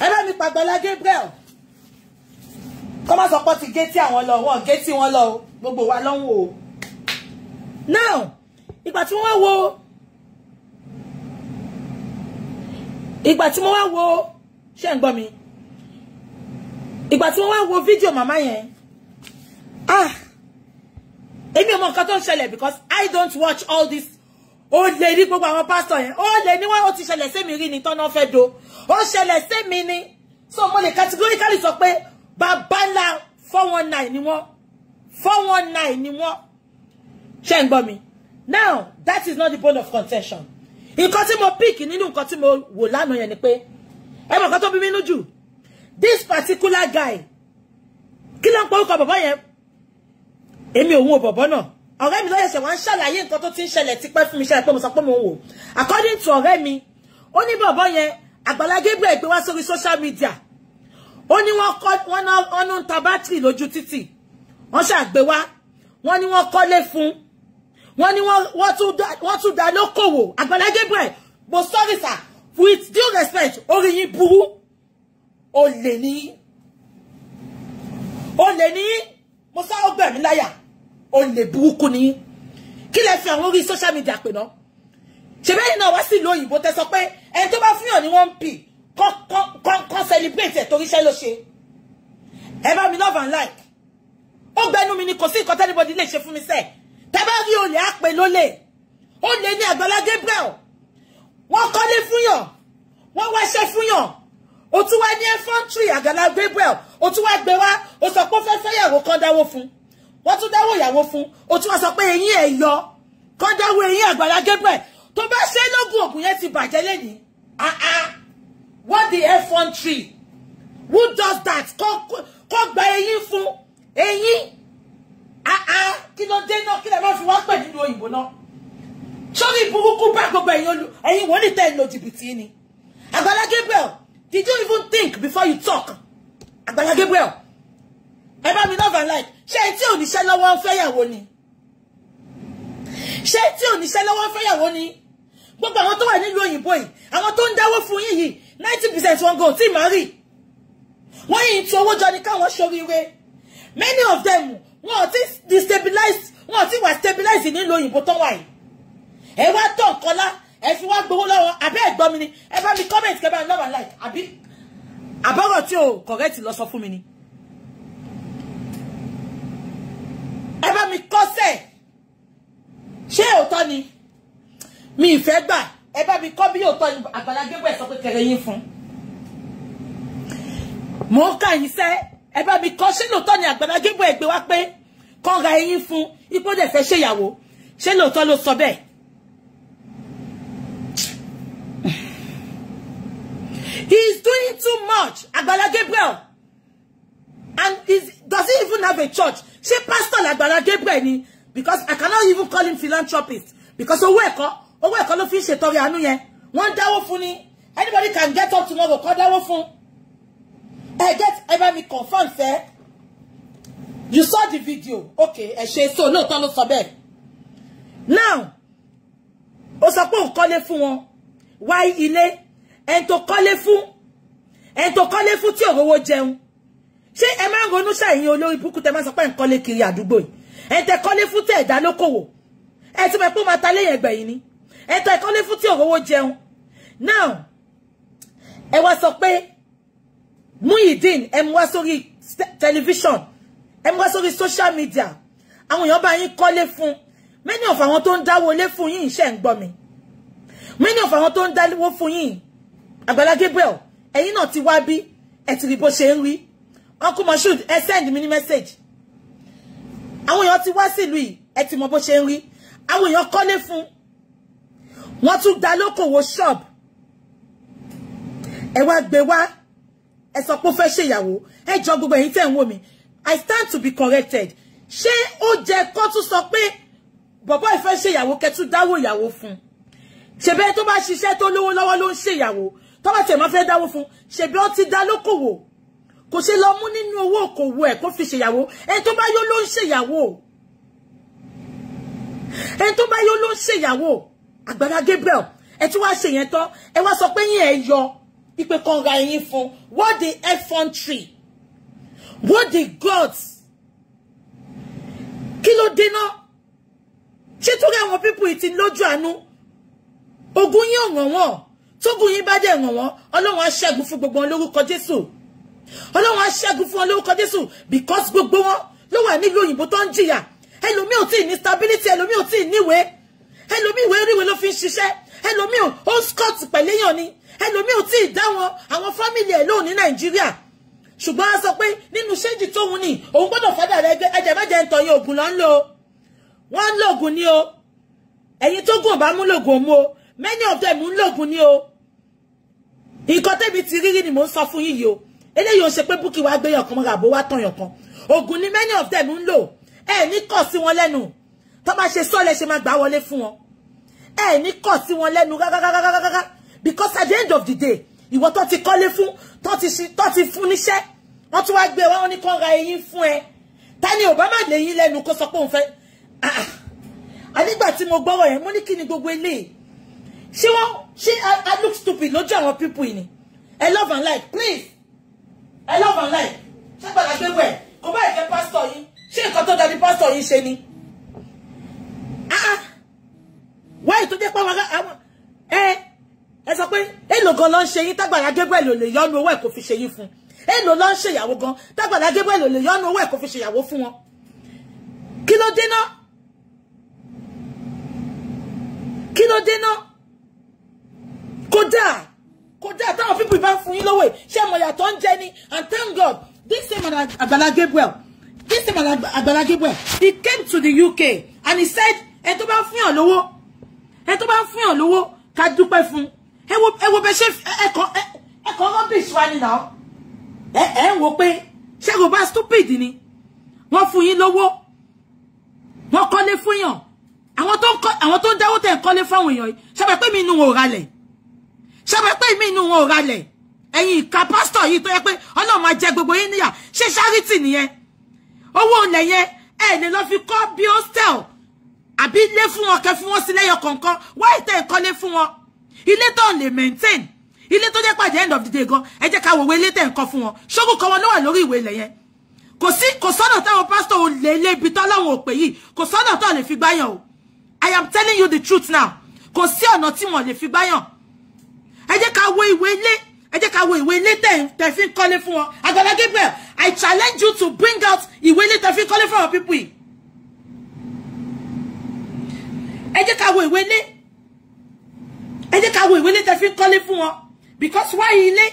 ẹ bá mi pàgbọ́lá Gabriel kọ́ má sọ pé ti gé tí àwọn lọ wọn gé tí wọ́n lọ gbogbo wa lọ́wọ́ o now ìgbà tí wọ́n wo ìgbà tí wọ́n wá wo ṣé ń gbọ́ mi ìgbà tí wọ́n wá wo fídíò màmá yẹn ah èmi ò mọ nǹkan tó ń ṣẹlẹ̀ because I don't watch all these ó lè rí gbogbo àwọn pásítọ̀ yẹn ó lè ní wọ́n ó ti ṣẹlẹ̀ sí mi rí ni tọ́nà fẹ́ do ó ṣẹlẹ̀ sí mi ni so mo lè categorically sọ pé bàbá ńlá four one nine ni wọ́n four one nine ni wọ́n ṣe ń gbọ́ mi now that is not the point of contention nǹkan tí mo pick nínú nǹkan tí mo wò lánàá yẹn ni pé ẹ mọ̀ nǹkan to bí mi nú jù this particular guy kí ló ń pọ̀ orúkọ bàbá yẹn èmi òun ò bọ̀bọ̀ náà ọ̀rẹ́ mi ló ṣẹ̀ṣẹ̀ wá ń ṣàlàyé nǹkan tó ti ń ṣẹlẹ̀ tipẹ́ fún mi ṣẹlẹ̀ pé mo sọ pé mo wò according to ọ̀rẹ́ mi ó ní bọ̀bọ̀ yẹn Àgbàlá Gabriel gbé wá sórí social media ó ní wọ́n kọ́ wọ́n ná ọ́nú ta bátìrì lójú títì wọ́n ṣàgbé wọ́n ní wọ́n kọ́lé fún wọ́n ní wọ́n tún dá lókòwò Àgbàlá Gabriel mo sọ́rí sà with due respect orí yín burú olè ní olè ní mo sá ọgbẹ̀mí láyà olè burúkú ni kí lẹ fi àwọn orí social media pè náà ṣèbẹ́yìn náà wá sí ìlú òyìnbó tẹ sọ pé ẹni tó bá fihàn ní wọ́n ń pì kọ́ celebrate ẹ̀ torí iṣẹ́ ló ṣe ẹ bá mi love and like ó gbẹnu mi ni kò sí nǹkan tẹ́lifọ̀dì lè ṣe fún mi sẹ́ẹ̀ tẹ́ bá rí olè àpè lólè olè ní Àgbàlá Gabriel wọ́n kọ́lé fúnyàn wọ́n wáṣẹ́ fúnyàn ó tún wá ní ẹ́fọ́ntrì Àgbàlá Gabriel ó tún wá gbé wá ó sọ pé ó fẹ́ fẹ́yàwó kan dáwó fún wọ́n tún dáwọ́ ìyàwó fún o tún wá sọ pé eyín ẹ̀ yọ kọ́ dáwọ́ eyín Àgbàlá Gabriel tó bá ṣe lógún ògùn yẹn ti bàjẹ́ lẹ́yìn ah ah what the f one three who does that kọ́ gba eyín fún eyín ah ah kí ló dé náà kí lè má fi wá pè nínú òyìnbó náà sórí burúkú bá gbogbo ẹ̀yin wọ́n ní tẹ́ ẹ̀ lọ jìbìtì ni Àgbàlá Gabriel did you even think before you talk Àgbàlá Gabriel ẹ bá mi love and like ṣé tí ò níṣẹ́ lọ́wọ́ ń fẹ́yàwó ni ṣé tí ò níṣẹ́ lọ́wọ́ ń fẹ́yàwó ni gbogbo àwọn tó wà nílùú òyìnbó yìí àwọn tó ń dáwó fún yín ninety percent wọn gan tí màá rì wọ́n yìí tu owó jọ ní káwọn ṣoríire many of them wọn ò ti destabilize wọn ò ti wà stabilize nílùú òyìnbó tó wà yìí ẹ wá tọ̀ nǹkan lá ẹ fi wá gbowó lọ́wọ́ àbẹ́ ẹ̀gbọ́n mi ni ẹ bá mi comment kẹ́ bá mi love and like àbí àbọ̀rọ̀ tí o correct lọ sọ fún mi ni. ẹ bá mi kọ́sẹ̀ ṣé òótọ́ ni mi ìfẹ́ gbà ẹ bá mi kọ́ bí òótọ́ ni Àgbàlá Gabriel sọ pé kẹrẹ yín fún mò ń kà yín sẹ́ ẹ bá mi kọ́ ṣé lóòótọ́ ni Àgbàlá Gabriel gbé wá pé kọ́ ra eyín fún ipò dẹ̀ fẹ́ ṣèyàwó ṣé lóòótọ́ ló sọ bẹ́ẹ̀. He is doing too much Agbala Gabriel and is, does he even have a church ṣé pásítọ̀ làgbàlá Gabriel ni because I cannot even call him philanthropist because owó ẹ̀kọ́ owó ẹ̀kọ́ ló fi ń ṣètọrẹ àánú yẹn wọ́n dáwó fún ni anybody can get up tomorrow kọ́ dáwó fún ẹ get ẹ bá mi confirm fẹ́ you saw the video okay ẹ ṣe so lóòótọ́ ló sọ bẹ́ẹ̀ now ó sọ pé òun kọ́lé fún wọn wáyé ilé ẹni tó kọ́lé fún ẹni tó kọ́lé fún tí òrówó jẹun ṣé ẹ máa ń ronú ṣàyìn olórí burúkú tẹ máa sọ pé ń kọ́lé kiri àdúgbò yìí ẹ tẹ kọ́lé fún tẹ ẹ̀dá lókòwò ẹ ti mọ̀ pé ó máa ta léyìn ẹgbẹ̀yìn ni ẹ tẹ kọ́lé fún tí òróró jẹun now ẹ wá sọ pé Muyideen ẹ mú wá sórí tẹlifíṣọ̀n ẹ mú wá sórí social media àwọn èèyàn bá yín kọ́lé fún many of àwọn tó ń dáwó lé fún yín iṣẹ́ ń gbọ́ mi many of àwọn tó ń dáwó fún yín Àgbàlá Gabriel ẹ̀yin náà ti wá bí ẹ ti rí bó ṣe ń rí uncle Moshood ẹ send mi ní message àwọn èèyàn ti wá sílùú yìí ẹ ti mọ bó ṣe ń rí àwọn èèyàn kọ́lé fún wọ́n tún dá lókòwò shop ẹ wá gbé wá ẹ sọ pé ó fẹ́ ṣèyàwó ẹ jọ gbogbo ẹ̀yin tẹ̀ I stand to be corrected ṣé ó jẹ́ kó tún sọ pé bọ̀bọ́ ìfẹ́ ṣèyàwó kẹtù dáwó ìyàwó fún ṣèbẹ́ tó bá ṣiṣẹ́ tó lówó lọ́wọ́ ló ń ṣèyàwó tó bá tẹ̀ máa fẹ́ dáwó fún ṣèbí ó ti dá lókòwò kò se lọ mú nínú owó òkòwò ẹ̀ kó fi ṣèyàwó ẹni tó bá yó ló ń ṣèyàwó ẹni tó bá yó ló ń ṣèyàwó Àgbàlá Gabriel ẹ tí wàá ṣèyẹn tán ẹ wá sọ pé yín ẹ yọ ipe kan ra ẹyin fún what the tree what the gods kí ló dènà ṣé tó rẹ̀ wọ́n pípọ̀ ìtì lójú àánú ogun yín ò ràn wọ́n tógun yín bá dẹ̀ ràn wọ́n ọlọ́run á fún gbogbo wọn lórúkọ Jésù ọlọ́run á ṣẹ́gun fún ọ lórúkọ jésù because gbogbo wọn ló wà nílùú òyìnbó tó ń jìyà ẹlòmíì ò tí ì ní stability ẹlòmíì ò tí ì níwèé ẹlòmíì ìwé oríwèé ló fi ń ṣiṣẹ́ ẹlòmíì ó scott pẹ̀lẹ́yàn ni ẹlòmíì ò tí ì dá wọn àwọn fámìlì ẹ̀ lóhùn ní nàìjíríà ṣùgbọ́n a sọ pé nínú ṣéǹjì tóun ni òun gbọ́dọ̀ fọ́dà rẹ gbé ẹjẹ̀ mẹ́jẹ̀ ń tọyìn ògùn lọ́n lò wọ́n ń lògùn ni o ẹ̀yin tó gùn bá mú lògùn mú o many of them ń lògùn ni o nǹkan tẹ́bi ti rírí ni mò ń sọ fún yìí o eléyìí ò ń ṣe pé búkì wá kan mọ́ra àbó wá tọ̀yàn kan ògùn ni many of them ń lò ẹ ní kọ̀ sí wọn lẹ́nu tó bá ṣe sọ́ọ̀lẹ̀ ṣe máa gbà wọlé fún wọn ẹ ní kọ̀ sí wọn lẹ́nu because at the end of the day ìwọ tó ti kọ́lé fún tó ti fún níṣẹ́ wọ́n tún wá gbé wọn ní kó ra eyín fún ẹ tani ò bá má lè yín lẹ́nu kó sọ pé òun fẹ́ ànígbà tí mo gbọ́rọ̀ yẹn mo ní kí ni gbogbo eléyìí ṣé wọ́n I look stupid lójú àwọn people yìí ni I love and like please ẹ lọ́ọ̀bà ńlá ẹ̀ ṣé gbàgbà gbé wẹ̀ kó bá ìkẹ́ pásítọ̀ yín ṣé nǹkan tó dání pásítọ̀ yín ṣe ni. Ah, ah. wáyé tó jẹ́ pé àwọn ẹ ẹ sọ pé èlò gan ló ń ṣe yín tágbàlá gbégbé èlò lè yọ́nu owó ẹ̀ kò fi ṣe yín fún èlò ló ń ṣèyàwó gan tágbàlá gbégbé èlò lè yọ́nu owó ẹ̀ kò fi ṣèyàwó fún wọn kí ló dé náà kí ló dé náà kódà kọjá táwọn pípù bá fún yín lówó ṣé mo yàtọ̀ ń jẹ ni and thank God this same Agbala Gabriel this same Agbala Gabriel he came to the UK and he said ẹ tó bá fún yàn lówó ẹ tó bá fún yàn lówó ká dúpẹ́ fún ẹ wo ẹ wo bẹ ṣe ẹkọ ẹkọ rubbish wa ni náà ẹ ẹ ń wo pé ṣé kò bá stupid ni wọ́n fún yín lówó wọ́n kọ́lé fún yàn àwọn tó ń dáwó tẹ̀ ń kọ́lé fáwọn èèyàn yìí ṣàbẹ̀ pé mi inú wọn ò ralẹ̀ ṣé mo pé ìmí inú wọn ò ralẹ̀ ẹ̀yin ìka pásítọ̀ yìí tó yẹ pé ọlọ́run máa jẹ gbogbo yín níyà ṣé ṣáríìtì nìyẹn owó ilẹ̀ yẹn ẹ lè lọ fi kọ́ bí hostel àbí ilé fún wọn kẹ fún wọn sí lẹ́yọ kọ̀ọ̀kan wáyé tẹ́ ìkọ́lé fún wọn ilé tó lè maintain ilé tó jẹ́ pàdé end of the day gan ẹ jẹ́ ká wòwe ilé tẹ̀ ń kọ́ fún wọn ṣógun kan wọn ló wà lórí ìwé ilẹ̀ yẹn kò sí kò sọ́nà táwọn pásítọ̀ ò lè lé ibi tọ́lọ́run ò pè yìí kò sọ́nà tó lè fi gbáyàn o I am telling you the truth now kò sí ọ̀nà tí wọ́n lè fi gbáyàn ẹ jẹ́ ká wo ìwé ilé ẹ jẹ́ ká wo ìwé ilé tẹ̀ fi ń kọ́lé fún wọn Agbala Gabriel I challenge you to bring out ìwé ilé tẹ̀ fi ń kọ́lé fún àwọn pípù yìí ẹ jẹ́ ká wo ìwé ilé ẹ jẹ́ ká wo ìwé ilé tẹ̀ fi kọ́lé fún wọn because why ilé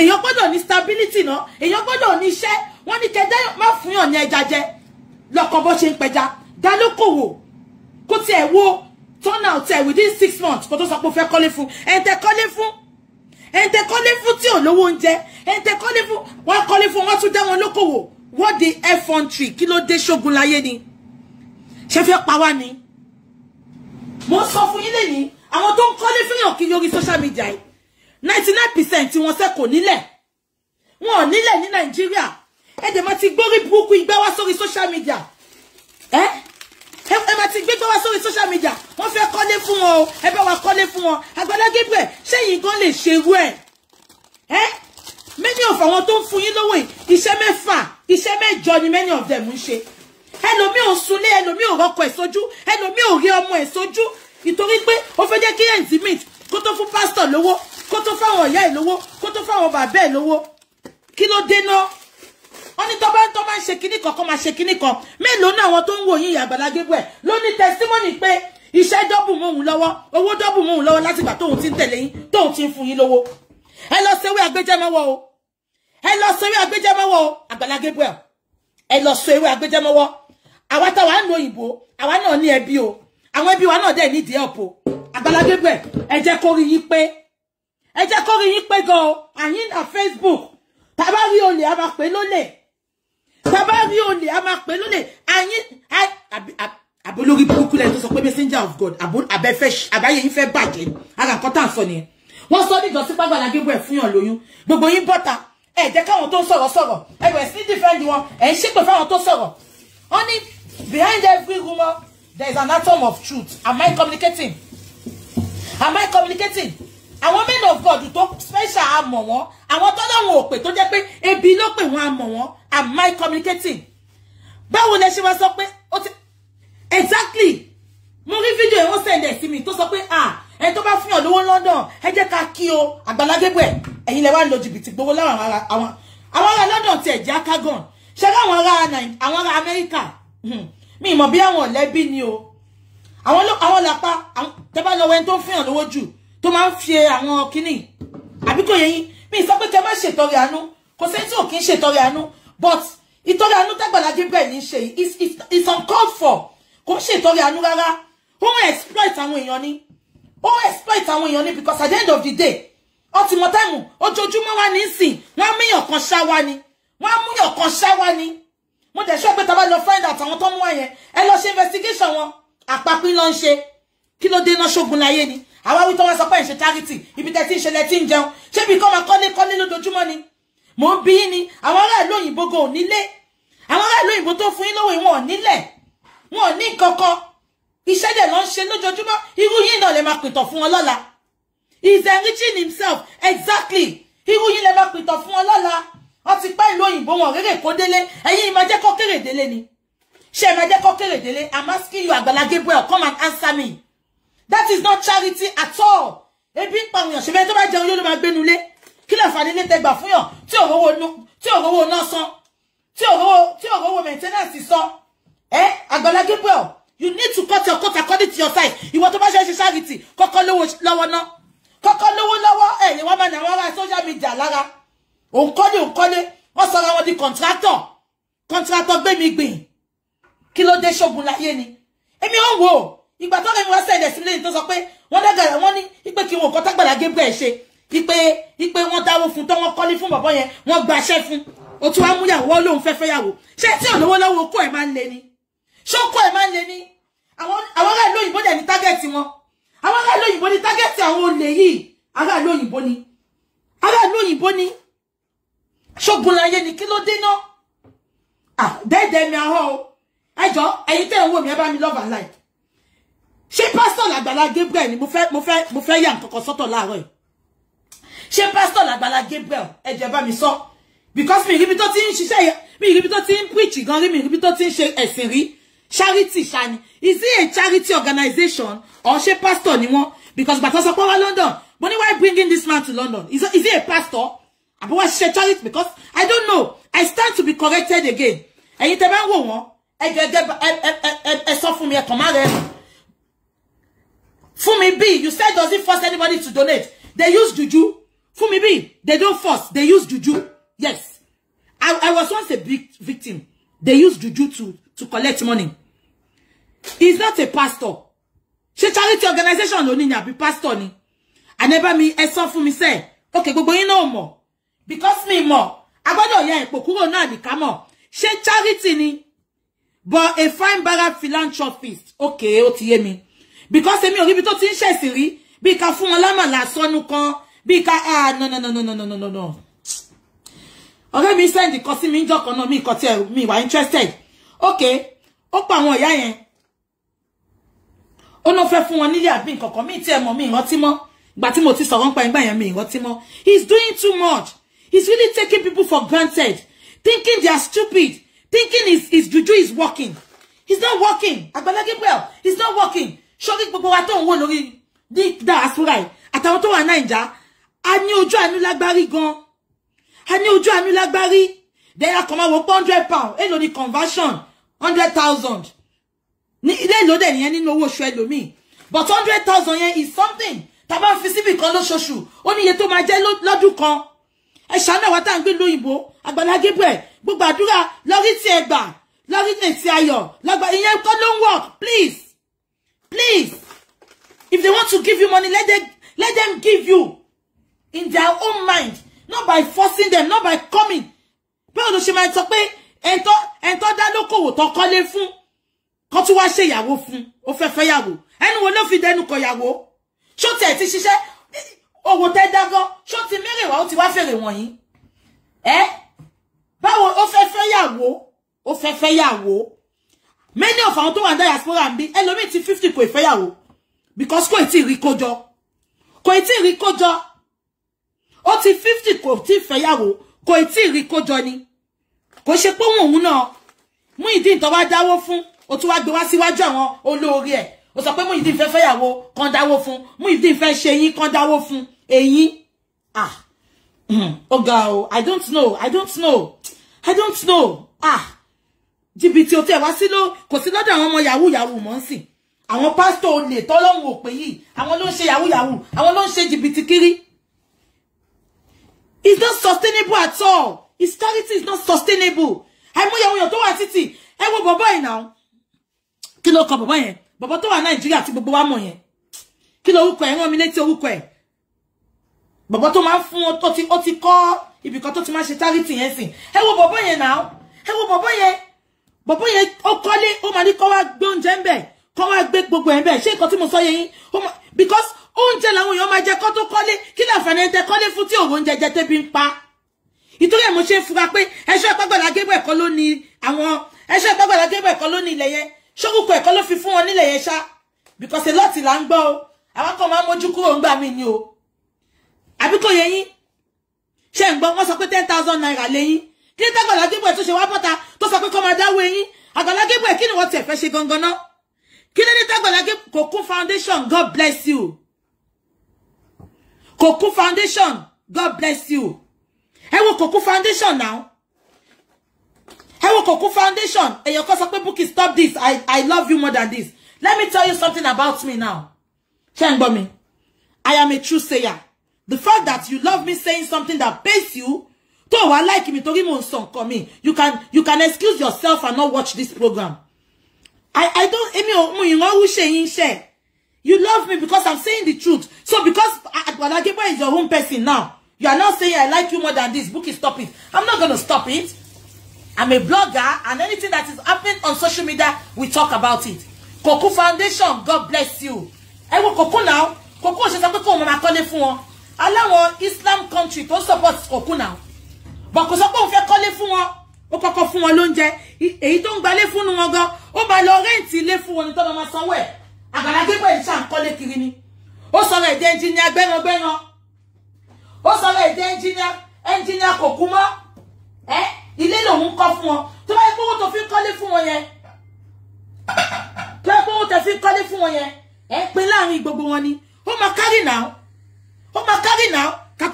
èèyàn gbọ́dọ̀ ní stability náà èèyàn gbọ́dọ̀ ní iṣẹ́ wọ́n ní kẹjá má fún yàn ní ẹja jẹ lọ́kọ̀ bó ṣe ń pẹja dá lókòwò kó tiẹ̀ wo turn out ẹ within six months kó tó sọ pé calling for. kọ́lé fún calling for? tẹ kọ́lé calling for? Till tẹ kọ́lé fún tí ò lówó oúnjẹ ẹ̀ ń tẹ kọ́lé fún wọ́n kọ́lé fún wọ́n tún dá wọn lókòwò what the effrontery kí ló dé ṣógun láyé ni ṣe fẹ́ pa wá ni mo sọ fún yín lẹ́yìn àwọn tó ń social media yìí ninety nine percent you want to nílẹ̀ wọn ò nílẹ̀ ní Nigeria? And máa ti gbórí burúkú igbá wá sórí social media eh? ẹ máa ti gbégbé wá sórí social media wọ́n fẹ́ kọ́lé fún wọn o ẹ bá wa kọ́lé fún wọn Agbala Gabriel ṣẹ́yìn gan lè ṣerú ẹ̀ ẹ́ many of àwọn tó ń fún yín lówó yìí iṣẹ́ mẹ́fà iṣẹ́ mẹ́jọ ni many of them ń ṣe ẹlòmíì ò sunlé ẹlòmíì ò rọkọ ẹ̀ sójú ẹlòmíì ò rí ọmọ ẹ̀ sójú ìtorí pé ó fẹ́ jẹ́ kí intimate kó tó fún pásítọ̀ lówó kó tó fáwọn ìyá ẹ̀ lówó kó tó fáwọn bàbá ẹ̀ lówó kí ló dé náà wọ́n ní tó bá tó bá ń ṣe kinní kan kó máa ṣe kinní kan mélòó náà àwọn tó ń wò yín ìyá Àgbàlá Gabriel ló ní testimony pé iṣẹ́ dọ́bù mọ́ òun lọ́wọ́ owó dọ́bù mọ́ òun lọ́wọ́ látìgbà tóun ti ń tẹ̀lé yín lo ti ń fún yín lówó ẹ lọ sewé agbẹjẹmọwọ o ẹ lọ sewé agbẹjẹmọwọ o Àgbàlá Gabriel ẹ lọ sewé agbẹjẹmọwọ àwa táwa ń lo òyìnbó àwa náà ní ẹbí o àwọn ẹbí wa náà de ni help o Àgbàlá Gabriel ẹ jẹ́ kó rí yín pé ẹ jẹ́ kó rí yín pé gan o àyín na Facebook tá a bá rí olè a máa pè lólè bàbá rí olè a máa pè lólè àyín àbólórí burúkú lẹ́yìn tó sọ pé messenger of God àbáyé yín fẹ́ bàjẹ́ ara nǹkan tá à ń sọ nìyẹn wọ́n sọ nígbà sí Agbala Gabriel fún yàn lóyún gbogbo yín bọ́ta ẹ jẹ́ káwọn tó ń sọ̀rọ̀ sọ̀rọ̀ ẹ bẹ̀rẹ̀ sí defend wọn ẹ ń ṣépè fáwọn tó sọ̀rọ̀ wọ́n ní behind every rumor, there is an atom of truth am I communicating am I communicating àwọn men of God tó special á mọ̀ wọ́n àwọn tọ́lọ́run ò pè tó jẹ́ pé ebi ló pè wọ́n á mọ̀ am I communicating báwo lẹ ṣe wá sọ pé ó ti exactly mo rí fídíò ẹ̀ ó sẹ̀ndẹ̀ sí mi tó sọ pé ah ẹni tó bá fún yàn lówó London ẹ jẹ́ ká kí o Àgbàlá Gabriel ẹ̀yin lẹ wá ń lo jìbìtì gbowó láwọn ará àwọn àwọn ará London tiẹ̀ jẹ́ akágàn ṣe káwọn ará àwọn ará Amẹ́ríkà hmm. mi ìmọ̀ bí àwọn ọ̀lẹ́bí ni o àwọn làpá tẹ́ bá lọ wẹ́n tó fún yàn lówó jù tó máa ń fi àwọn kínní àbí kò yẹ yín mi sọ pé kẹ má ṣètọrẹ àánú kò sẹ́ni tí ò kí ń ṣètọrẹ àánú but ìtọrẹ àánú tágbàlá Gabriel ní ṣe yìí it's uncalled for kò ń ṣètọrẹ àánú rárá ó ń exploit àwọn èèyàn ni ó ń exploit àwọn èèyàn ni because at the end of the day ọtí mọ táìmù ojoojúmọ́ wá ní sìn wọ́n múyàn kan ṣá wá ni wọ́n múyàn kan ṣá wá ni mo dẹ̀ sọ pé tá a bá lọ find out àwọn tó mú wá yẹn ẹ lọ ṣe investigation wọn àpapín ló ń ṣe kí ló dé náà ṣógun láyé ni àwa wí tó wá sọ pé ìṣe charity ibi tẹ́ tí ń ṣẹlẹ̀ tí ń jẹun ṣé bí kọ́ máa kọ́lé kọ́lé lójoojúmọ́ ni mò ń bí ni àwọn aráàlú òyìnbó go nílé àwọn aráàlú òyìnbó tó fún yín lówó wọn ò nílẹ̀ wọn ò ní kankan iṣẹ́ dẹ̀ ló ń ṣe lójoojúmọ́ irú yín náà lè máa pìtàn fún wọn lọ́la He's enriching himself exactly irú yín lè máa pìtàn fún wọn lọ́la wọn ti pẹ́ ìlú òyìnbó wọn rere kó délé ẹ̀yin máa jẹ́ kó kéré délé ni ṣé ẹ jẹ́ kó kéré délé I'm asking you Agbala Gabriel come and answer me that is not charity at all ebi ń pa àwọn èèyàn ṣe fẹ́ tó bá jẹun yóò ló máa gbénu lé kí lè fà nílé tẹgbà fún yàn tí òrówó náà san tí òrówó maintenance san ẹ Agbala Gabriel you need to cut your coat according to your size You want to buy ṣe charity kọ́kọ́ lówó lọ́wọ́ náà kọ́kọ́ lówó lọ́wọ́ ẹ̀ ni wọ́n máa nà wọ́n ra social media lára òǹkọ́lé òǹkọ́lé wọ́n sọra wọn di contractor contractor gbẹ̀mí gbìn kí ló dé ṣogun láyé ni èmi ò wò ó ìgbà tó kẹ́mi wá sẹ́ẹ̀dẹ̀ sí lẹ́yìn tó sọ pé wọ́n dágàrà wọ́n ní ipe kí wọn kọ́ tágbàlá Gabriel ṣe ipe ipe wọ́n dáwó fún tó wọ́n kọ́lé fún bàbá yẹn wọ́n gbaṣẹ́ fún o tún wá múyàwó lóun fẹ́ fẹ́yàwó ṣé tí òlówó lọ́wọ́ okó ẹ̀ máa ń le ni ṣé okó ẹ̀ máa ń le ni àwọn ará ìlú òyìnbó dẹ̀ ní tágẹ́ẹ̀tì wọn àwọn ará ìlú òyìnbó ní tágẹ́ẹ̀tì àwọn olè yìí ará ìlú òyìnbó ni ará ìlú òyìnbó ni ṣogun láyé ni kí ló dé náà ah, dẹ́ẹ̀dẹ́ mi ahọ́ o ẹjọ́ ẹ̀yin tẹ́ ń wò mí ẹ bá mi love and like ṣé pastor làgbàlá Gabriel ni mo fẹ́ mo fẹ́ mo fẹ́ yà nǹkankan sọ́tọ̀ láàárọ̀ yìí ṣé pásítọ̀ làgbàlá Gabriel ẹ jẹ́ bá mi sọ because mi ìríbi tó ti ń ṣiṣẹ́ yẹn mi ìríbi tó ti ń preach gan rí mi ìríbi tó ti ń ṣe ẹ̀sìn charity shani. is it a charity organization or ṣé pastor ni wọ́n because gbàtọ́ sọ pé wá London mo why bringing this man to London is, is he a pastor àbí wọ́n ṣiṣẹ́ charity because I don't know I stand to be corrected again ẹ̀yin tẹ́ bá ń wò wọ́n ẹ gẹ́gẹ́ ẹ sọ fún mi ẹ kàn má rẹ. Fumi B, you said does it force anybody to donate? They use juju. Fumi B, they don't force. They use juju. Yes. I, I was once a big victim. They use juju to, to collect money. He's not a pastor. She charity organization only, ní be pastor I never me ẹ sọ fún say. Okay, go in no more Because me more. I go epo yeah, náà go ká Come Ṣé charity ni. But a fine barrack philanthropist. Okay, ó ti me? because èmi ò rí ibi tó ti ń ṣẹ̀sìn rí bí ká fún wọn lámàlà sọnù kan bí ká ah no no no no no no no no Okay, mi send ìkọ sí mi ń jọkàn náà mi ìkọ tí ẹ mi wà interested Okay, ó pa àwọn ìyá yẹn ó ló fẹ́ fún wọn nílé àbí nǹkankan mi tí ẹ mọ̀ mi ìrántí mọ́ ìgbà tí mo ti sọ̀rọ̀ nípa ìgbà yẹn mi ìrántí mọ́ he is doing too much He's really taking people for granted thinking they are stupid thinking his his juju is working He's not working Agbala Gabriel he is not working sórí gbogbo wa tó ń wò lórí Dárasúrà yìí àtàwọn tó wà Naija a ní ojú àánú lágbárí gan a ní ojú àánú lágbárí dẹ́yà kan máa wò pé hundred pound èlò ní conversion hundred thousand ní ilé ìlò dẹ̀ nìyẹn nínú owó oṣù ẹlòmíì but hundred thousand yẹn is something tá a bá fi síbì kan lóṣooṣù ó ní iye tó máa jẹ́ lọ́dún kan ẹ ṣàánú àwọn tá à ń gbé lóyìnbó Àgbàlá Gabriel gbogbo àdúrà lórí tí ẹ gbà lórí tí ayọ̀ lọ́gbà ìyẹn kọ́ ló ń work please Please. If they want to give you money, let them, let them give you in their own mind. Not by forcing them, not by coming. Pé olóṣèlú sọ pé ẹ̀ńtọ́ ẹ̀ńtọ́ dá lókòwò tó kọ́lé fún kó tún wá ṣe ìyàwó fún ó fẹ́ fẹ́ yàwó. Ẹnu wo ló fi dẹnu kọ ìyàwó? Ṣó ti ṣiṣẹ́? Owó tẹ́ dágọ́. Ṣó ti mérè wá ó ti wá fèrè wọ̀nyí? Ẹ́ báwo ó fẹ́ fẹ́ yàwó? Ó fẹ́ fẹ́ yàwó many of our tó wà ní diaspora ń bí ẹlòmíì ti fifty kò ìfẹ́yàwó because kò tí ì rí kójọ kò tí ì rí ti fifty kò tí ì fẹ́yàwó kò tí ì rí kójọ ni kò ṣe pé òun òun náà mú ìdí to wá dáwó fún o tún wá gbé wá síwájú àwọn olórí ẹ̀ o sọ pé mú ìdí ìfẹ́ fẹ́yàwó kan dáwó fún mú ìdí ìfẹ́ ṣe yín kan dáwó fún èyín ah hmm, ó ga o i don't know i don't know i don't know ah jìbìtì ò wá sí ló kò sí lọ́dọ̀ àwọn ọmọ yahoo yahoo mọ́ ń sìn àwọn pásítọ̀ olè tọ́lọ́hún òpè yìí àwọn ló ń ṣe yahoo yahoo àwọn ló ń ṣe jìbìtì kiri it's not sustainable at all his charity is not sustainable àìmọye àwọn èèyàn tó wà títì ẹ wo bọ̀bọ̀ yìí náà kí ló kọ bọ̀bọ̀ yẹn bọ̀bọ̀ tó wà nàìjíríà tí gbogbo wa mọ̀ yẹn kí ló orúkọ ẹ̀ rán mi létí orúkọ ẹ̀ bọ̀bọ̀ tó máa ń fún ó ti kọ́ ibìkan tó ti máa ṣe charity yẹn sìn ẹ wo bọ̀bọ̀ yẹn náà ẹ wo bọ̀bọ̀ yẹn bọ̀bọ̀ yẹn ó kọ́lé ó máa ní kọ́ wá gbé oúnjẹ ń bẹ̀ kọ́ wá gbé gbogbo ẹ̀ ń bẹ̀ ṣé nǹkan tí mo sọ yẹ because oúnjẹ làwọn èèyàn máa jẹ kọ́ tó kọ́lé kí láǹfààní ẹ̀ tẹ kọ́lé fún tí òwò oúnjẹ jẹ tẹ́bi ń pa ìtorí ẹ̀ mo ṣe ń fura pé ẹṣọ́ ìpágbàlá gébù ẹ̀kọ́ ló ní àwọn ẹṣọ́ ìpágbàlá gébù ẹ̀kọ́ ló ní ilẹ̀ yẹn ṣókùkù ẹ̀kọ́ ló fi fún wọn nílẹ̀ yẹn ṣá because a lot là ń gbọ́ o àwọn kan máa ń mójú kúrò ń gbà mí ni o àbí kò yẹ yín ṣe ń gbọ́ wọ́n sọ pé ten thousand naira lẹ́yìn kí ní tágbàlá Gabriel tó ṣe wá bọ́ta tó sọ pé kọ́ máa dáwọ́ eyín Àgbàlá Gabriel kí ni wọ́n tiẹ̀ fẹ́ ṣe gangan náà kí ní tágbàlá Gabriel kò kún foundation God bless you kò kún foundation God bless you ẹ wo kò kún foundation now ẹ wo kò kún foundation èèyàn kan sọ pé Bukky stop this I, I love you more than this let me tell you something about me now ṣé ń gbọ́ mi I am a true sayer the fact that you love me saying something that pains you tó wá like mi torí mò ń sọ mi you can you can excuse yourself and not watch this program i i don't èmi ò mo ìran wú ṣe yín ṣe you love me because i'm saying the truth so because Agbala Gabriel is your own person now you are not saying i like you more than this Book stop it i'm not gonna stop it i'm a blogger and anything that is happening on social media we talk about it Koku Foundation god bless you ẹ wo Cocoa now Cocoa ṣe sọ pé kóun máa kọ́lé fún wọn aláwọn Islam country tó support Koku now bọ̀ kò sọ pé òun fẹ́ kọ́lé fún wọn ó kọ́kọ́ fún wọn lóúnjẹ èyí tó ń gbalé fún wọn gan ó bá lọ rẹ́ǹtì ilé fún wọn ní tọ́lọ́ máa sanwó ẹ̀ àgbàlá gbígbẹ́ yìí ṣàn kọ́lé kiri ni ó sọ̀rọ̀ èdè ẹnjìníà gbẹ́rangbẹ́ran ó sọ̀rọ̀ èdè ẹnjìníà ẹnjìníà kò kú mọ́ ẹ ilé lòun kọ́ fún wọn tó bá yẹ pé owó tó fi kọ́lé fún wọn yẹn tó yẹ pé owó tó fi kọ́lé fún wọn yẹn ẹ pé láàrin gbogbo wọn ni ó máa kárì náà ó máa kárì náà ká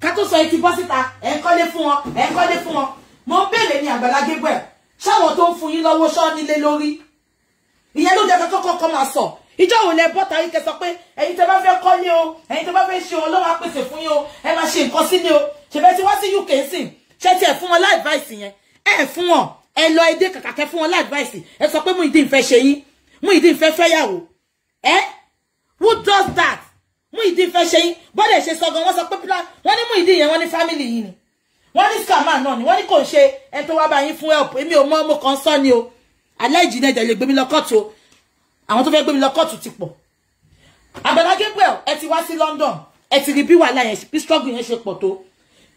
ká tó sọ etí bọ́ síta ẹ̀ ń kọ́lé fún wọn ẹ̀ ń kọ́lé fún wọn mo ń béèrè ní Àgbàlá Gabriel ṣáwọn tó ń fún yín lọ́wọ́ ṣọ́ nílé lórí ìyẹn ló jẹ́ kọ́kọ́ kọ́ máa sọ ìjọ wo lẹ bọ́ tàbí kẹ sọ pé ẹ̀yin tẹ bá fẹ́ kọ́lé o ẹ̀yin tẹ bá fẹ́ ṣe o ló máa pèsè fún yín o ẹ máa ṣe nǹkan sílé o ṣèbẹ́ tí wọ́n sí uk sí ṣe tiẹ̀ fún wọn láìváìsì yẹn ẹ fún wọn ẹ lọ èdè kàkàkẹ́ fún wọn láìváìsì ẹ sọ pé Muyideen fẹ́ ṣe yín Muyideen fẹ́ fẹ́yàwó ẹ who does that Muyideen fẹ́ ṣe yín bọ́dẹ̀ ṣe sọ́gan wọ́n sọ pé wọ́n ní Muyideen yẹn wọ́n ní fámìlì yìí ni wọ́n ní scammer náà ni wọ́n ní kò ń ṣe ẹni tó wá bá yín fún help èmi ò mọ ọmọ kan sọ ni o aláìjìnlẹ̀ ìdẹ̀lẹ̀ gbé lọ kóòtù o àwọn tó fẹ́ gbé lọ kóòtù ti pọ̀ Agbala Gabriel ẹ ti wá sí London ẹ ti rí bí wàhálà yẹn bí struggle yẹn ṣe pọ̀ tó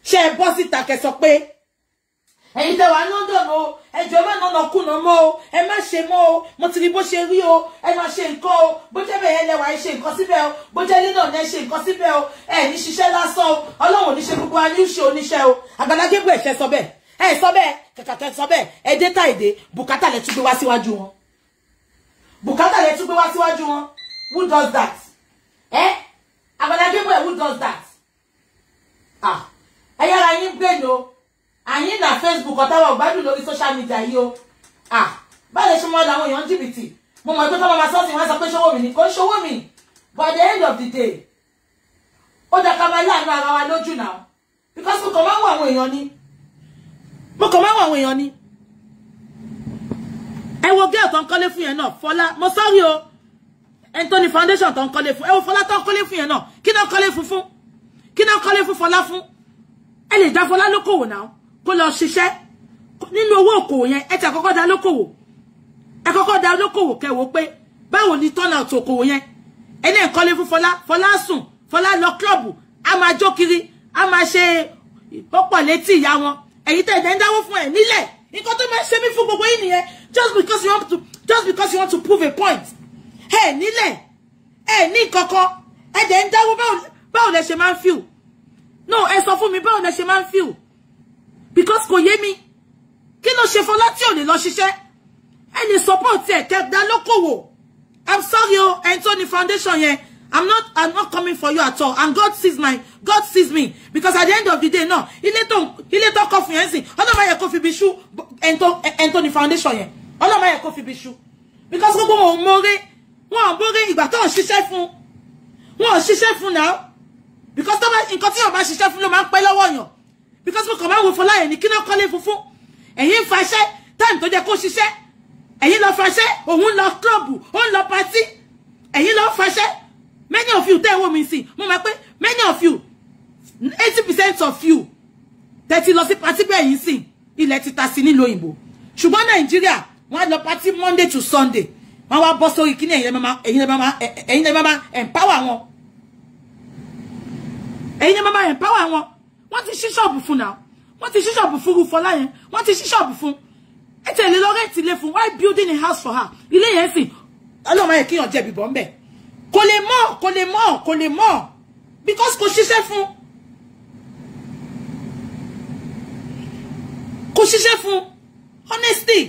ṣe é bọ́ síta kẹ́ sọ pé ẹ̀yin tẹ́ wà London o ẹjọ́ má nánà kùnà mọ́ o ẹ má ṣe mọ́ o mo ti rí bó ṣe rí o ẹ má ṣe nǹkan o bó jẹ́ bẹ́ẹ̀ ẹlẹ́wà ẹ ṣe nǹkan síbẹ̀ o bó jẹ́ ilé náà ẹ ṣe nǹkan síbẹ̀ o ẹ ní ṣiṣẹ́ lásán o ọlọ́run ò ní ṣe gbogbo ayé ṣe oníṣẹ́ o Àgbàlá Gabriel ẹ̀ṣẹ́ sọ bẹ́ẹ̀ ẹ sọ bẹ́ẹ̀ kàkà tẹ sọ bẹ́ẹ̀ ẹ dé tá èdè bùkátà lẹ tún gbé wá síwájú wọn bùkátà lẹ tún gbé wá síwájú wọn who does that ẹ Àgbàlá Gabriel who does that ah ẹ yára yín gbé ni o àyín na facebook ọ̀táwọ̀ gbádùn lórí social media yìí o ah báyìí ṣe mọ́ làwọn èèyàn jìbìtì mo mọ̀ pé tọ́mọ ma sọ́ọ̀sì wọn sọ pé ṣọwọ́ mi ni kò ṣọwọ́ mi but at the end of the day ó dá ká máa láàánú ara wa lójú náà because mo kàn máa ń wọ àwọn èèyàn ni mo kàn máa ń wọ àwọn èèyàn ni ẹ wo gẹ́ẹ̀ tó ń kọ́lé fún yẹn náà fọlá mo sọ́rí o ẹni tó ní foundation tó ń kọ́lé fún ẹ wo fọlá tó ń kọ́lé fún yẹn náà kí náà kọ́lé fún fún kí náà kọ́lé fún fọlá fún ẹ lè dá fọlá lókòwò náà kó lọ ṣiṣẹ́ nínú owó òkòwò yẹn ẹ ti àkọ́kọ́ da lókòwò ẹ kọ́kọ́ da lókòwò kẹwò pé báwo ni tọ́lá ọ̀tọ̀ òkòwò yẹn ẹni kọ́lé fún fọlá fọlá sùn fọlá lọ kílọ̀bù a máa jó kiri a máa ṣe pọ́pọ̀ létí ìyá wọn èyí tẹ̀ ẹ̀ ń dáwó fún ẹ̀ nílẹ̀ nǹkan tó máa ṣe mí fún gbogbo yìí nìyẹn just because you want to just because you want to prove a point ẹ nílẹ̀ ẹ ní kankan ẹ dẹ̀ ń dáwó báwo lẹ ṣe máa ń feel no ẹ sọ fún mi báwo lẹ ṣe máa ń feel because kò yé mi kí ló ṣe fọlá tí ò lè lọ ṣiṣẹ́ ẹ lè support ẹ kẹ dá lókòwò i'm sorry o ẹni tó ní foundation yẹn i'm not i'm not coming for you at all and god sees my god sees me because at the end of the day no, ilé tó ilé tó kọ fún yẹn sìn ọlọ́mọ yẹ kó fi bí ṣú ẹni tó ní foundation yẹn ọlọ́mọ yẹ kó fi bí ṣú because gbogbo wọn ò mọ̀ọ́rẹ́ wọn ò mọ̀ọ́rẹ́ to tó ń ṣiṣẹ́ fún wọn ò ṣiṣẹ́ fún náà because nǹkan tí wọn bá ṣiṣẹ́ fún ló máa ń pẹ́ lọ́wọ́ yàn because mo kàn bá wo Fọláyàn ní kíná kọ́lé funfun ẹ̀yin ń faṣẹ́ táìmù tó jẹ́ kó ṣiṣẹ́ ẹ̀yin lọ faṣẹ́ òun lọ klọ́ọ̀bù ó ń lọ patí ẹ̀yin lọ faṣẹ́ many of you tẹ́ ẹ̀ wò mí sí mo máa pé many of you eighty percent of you tẹ́tí lọ sí patí bẹ́ẹ̀ yìí sí ilẹ̀ ti ta sí nílùú òyìnbó ṣùgbọ́n Nàìjíríà wọ́n á lọ patí Monday to Sunday wọ́n wá bọ́ sórí kí ni ẹ̀yin lẹ́ máa empower wọn ẹ̀yin lẹ́ máa empower wọn wọ́n ti ṣí ṣọ́ọ̀bù fún náà wọ́n ti ṣí ṣọ́ọ̀bù fún Rúfọlá yẹn wọ́n ti ṣí ṣọ́ọ̀bù fún ẹ tẹ̀lé lọ rẹ́ǹtì lé fún why building a house for her ilé yẹn sìn ọlọ́mọ yẹn kíyàn jẹ̀bi bọ́ ńbẹ̀ kò lè mọ̀ kò lè mọ̀ kò lè mọ̀ because kò ṣiṣẹ́ fún kò ṣiṣẹ́ fún honesty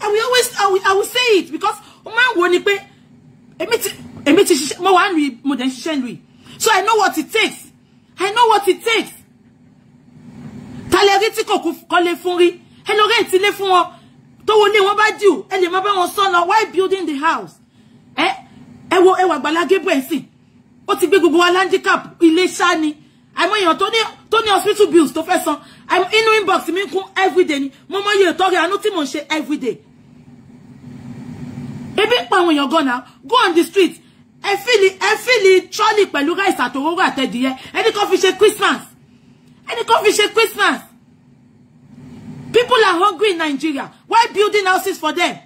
I will always I will, I will say it because ó máa ń wo ni pé èmi ti èmi ti ṣiṣẹ́ mo wà ń lu mo dẹ̀ ń ṣiṣẹ́ lu so I know what it takes I know what it takes tálẹ́rí tí kò kọ́lé fún rí ẹ lọ rẹ́ẹ̀tì ilé fún wọn tówó ní wọn bá dìú ẹ lè má bá wọn sọ lọ why building the house Eh? ẹ wo ẹwà Àgbàlá Gabriel sìn ó ti gbé gbogbo wa landicap ilé ṣá ni àìmọ èèyàn tó ní tó ní hospital bills tó fẹ́ san in inbox mi ń kún everyday ni mo mọ iye ìtọ́rẹ àánú tí mò ń ṣe everyday ebi ń pa àwọn èèyàn gan na go on the street ẹ fìlì ẹ fìlì trolley pẹ̀lú rice àtòwúrò àtẹ̀dìyẹ ẹni kan fi ṣe Christmas ẹni kan fi ṣe Christmas people are hungry in Nigeria why building houses for them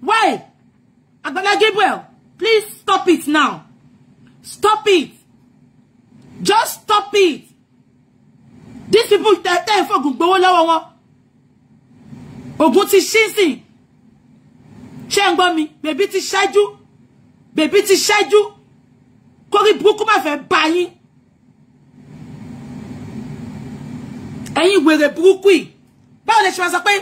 why Agbala Gabriel please stop it now stop it just stop it these people tẹ tẹ fọgùn gbowó lọ́wọ́ wọn ogun ti ṣíṣìn ṣé ń mi bèbí ti shaju. bèbí ti shaju. Kori burúkú má fẹ́ bá ẹ̀yin wèrè burúkú yìí báwo lè ṣe máa sọ pé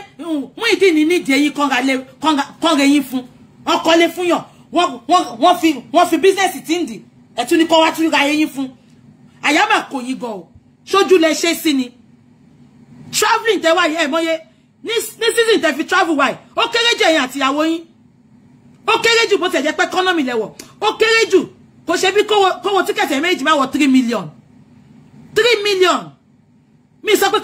wọ́n ìdí ní nídìí ẹ̀yin kọ́nra ẹ̀yin fún wọ́n kọ́lé fún yàn wọ́n fi bísíǹsì tí ń dì ẹ̀tún ní kọ́ wá tún ra ẹ̀yin fún àyàmà kò yí gan o ṣojú lẹ ṣe sí ni travelling tẹ wáyé ẹ̀ mọ́yé ní season tẹ fi travel wáyé ó kéré jù ẹ̀yin àtìyàwó yín ó kéré jù bó tẹ̀ jẹ́ pé kọ́nọ́mì lẹ̀wọ̀ ó kéré jù kò ṣe bí kówó tíkẹ̀tì méjì máa wọ three million three million mi sọ pé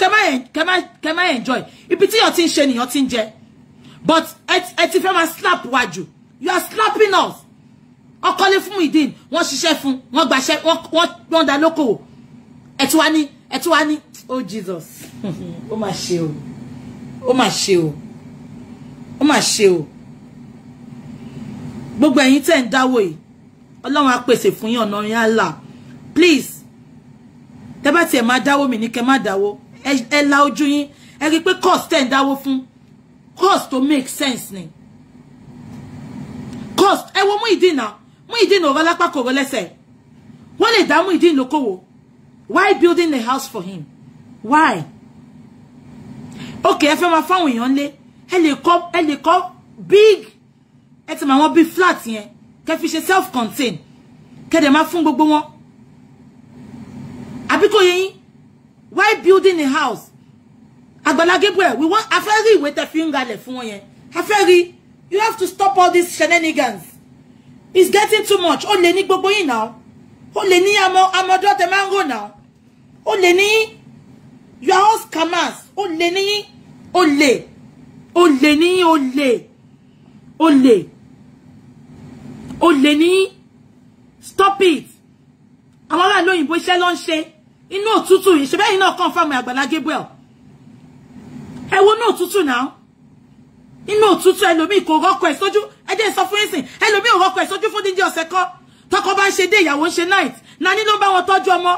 kẹ má enjoy ibi tí yàn ti ń ṣe nìyàn ti ń jẹ but ẹ ti fẹ́ máa slap wa you are slapping us ọkọlé fún ìdín wọ́n ṣiṣẹ́ fún wọ́n gbàṣẹ́ wọ́n da lókòwò ẹ ti wá ní ẹ ti wá ní oh jesus ó mà ṣe o ó mà ṣe o ó mà ṣe o gbogbo ẹ̀yin tẹ́ ń dáwọ́ yìí ọlọ́run á fún yín ọ̀nà yín á là please tẹ́ bá tiẹ̀ máa dáwó mi ní kẹ́ má dáwó ẹ la ojú yín ẹ rí i pé cost tẹ̀ dáwó fún cost tó make sense ni cost ẹ wo mú ìdínà mú ìdínà ọ̀rọ̀ lápá kòrò lẹ́sẹ̀ wọ́n lè dá mú ìdínà lókòwò why building a house for him why okay ẹ fẹ́ máa fáwọn èèyàn lé ẹ lè kọ́ ẹ lè kọ́ big ẹ ti mọ àwọn big flat yẹn kẹ́ fi ṣe self contained kẹ́ dẹ̀ máa fún gbogbo wọn àbí kò why building a house Agbala Gabriel we want a fẹ́ rí ìwé tẹ́ fi ń ralẹ̀ fún wọn a fẹ́ you have to stop all these shenanigans it's getting too much ó lè ní gbogbo yín náà ó lè ní amọ̀dọ́ tẹ máa ń rò náà ó lè ní you are all scammers ó lè ní ó lè ó lè ní ó lè ó lè ó lè stop it àwọn aráàlú òyìnbó iṣẹ́ ló ń ṣe inú òtútù yìí ṣe bẹ́yìn náà confirm Àgbàlá Gabriel ẹ wo inú òtútù náà inú òtútù ẹlòmíì kò rọ́kọ̀ ẹ̀ sójú ẹ jẹ́ sọ fún ìsìn ẹlòmíì ò rọ́kọ̀ ẹ̀ sójú fún dídí ọ̀sẹ̀ kan tọkọ bá ń ṣe dé ìyàwó ń ṣe night nani ló ń bá wọn tọ́jú ọmọ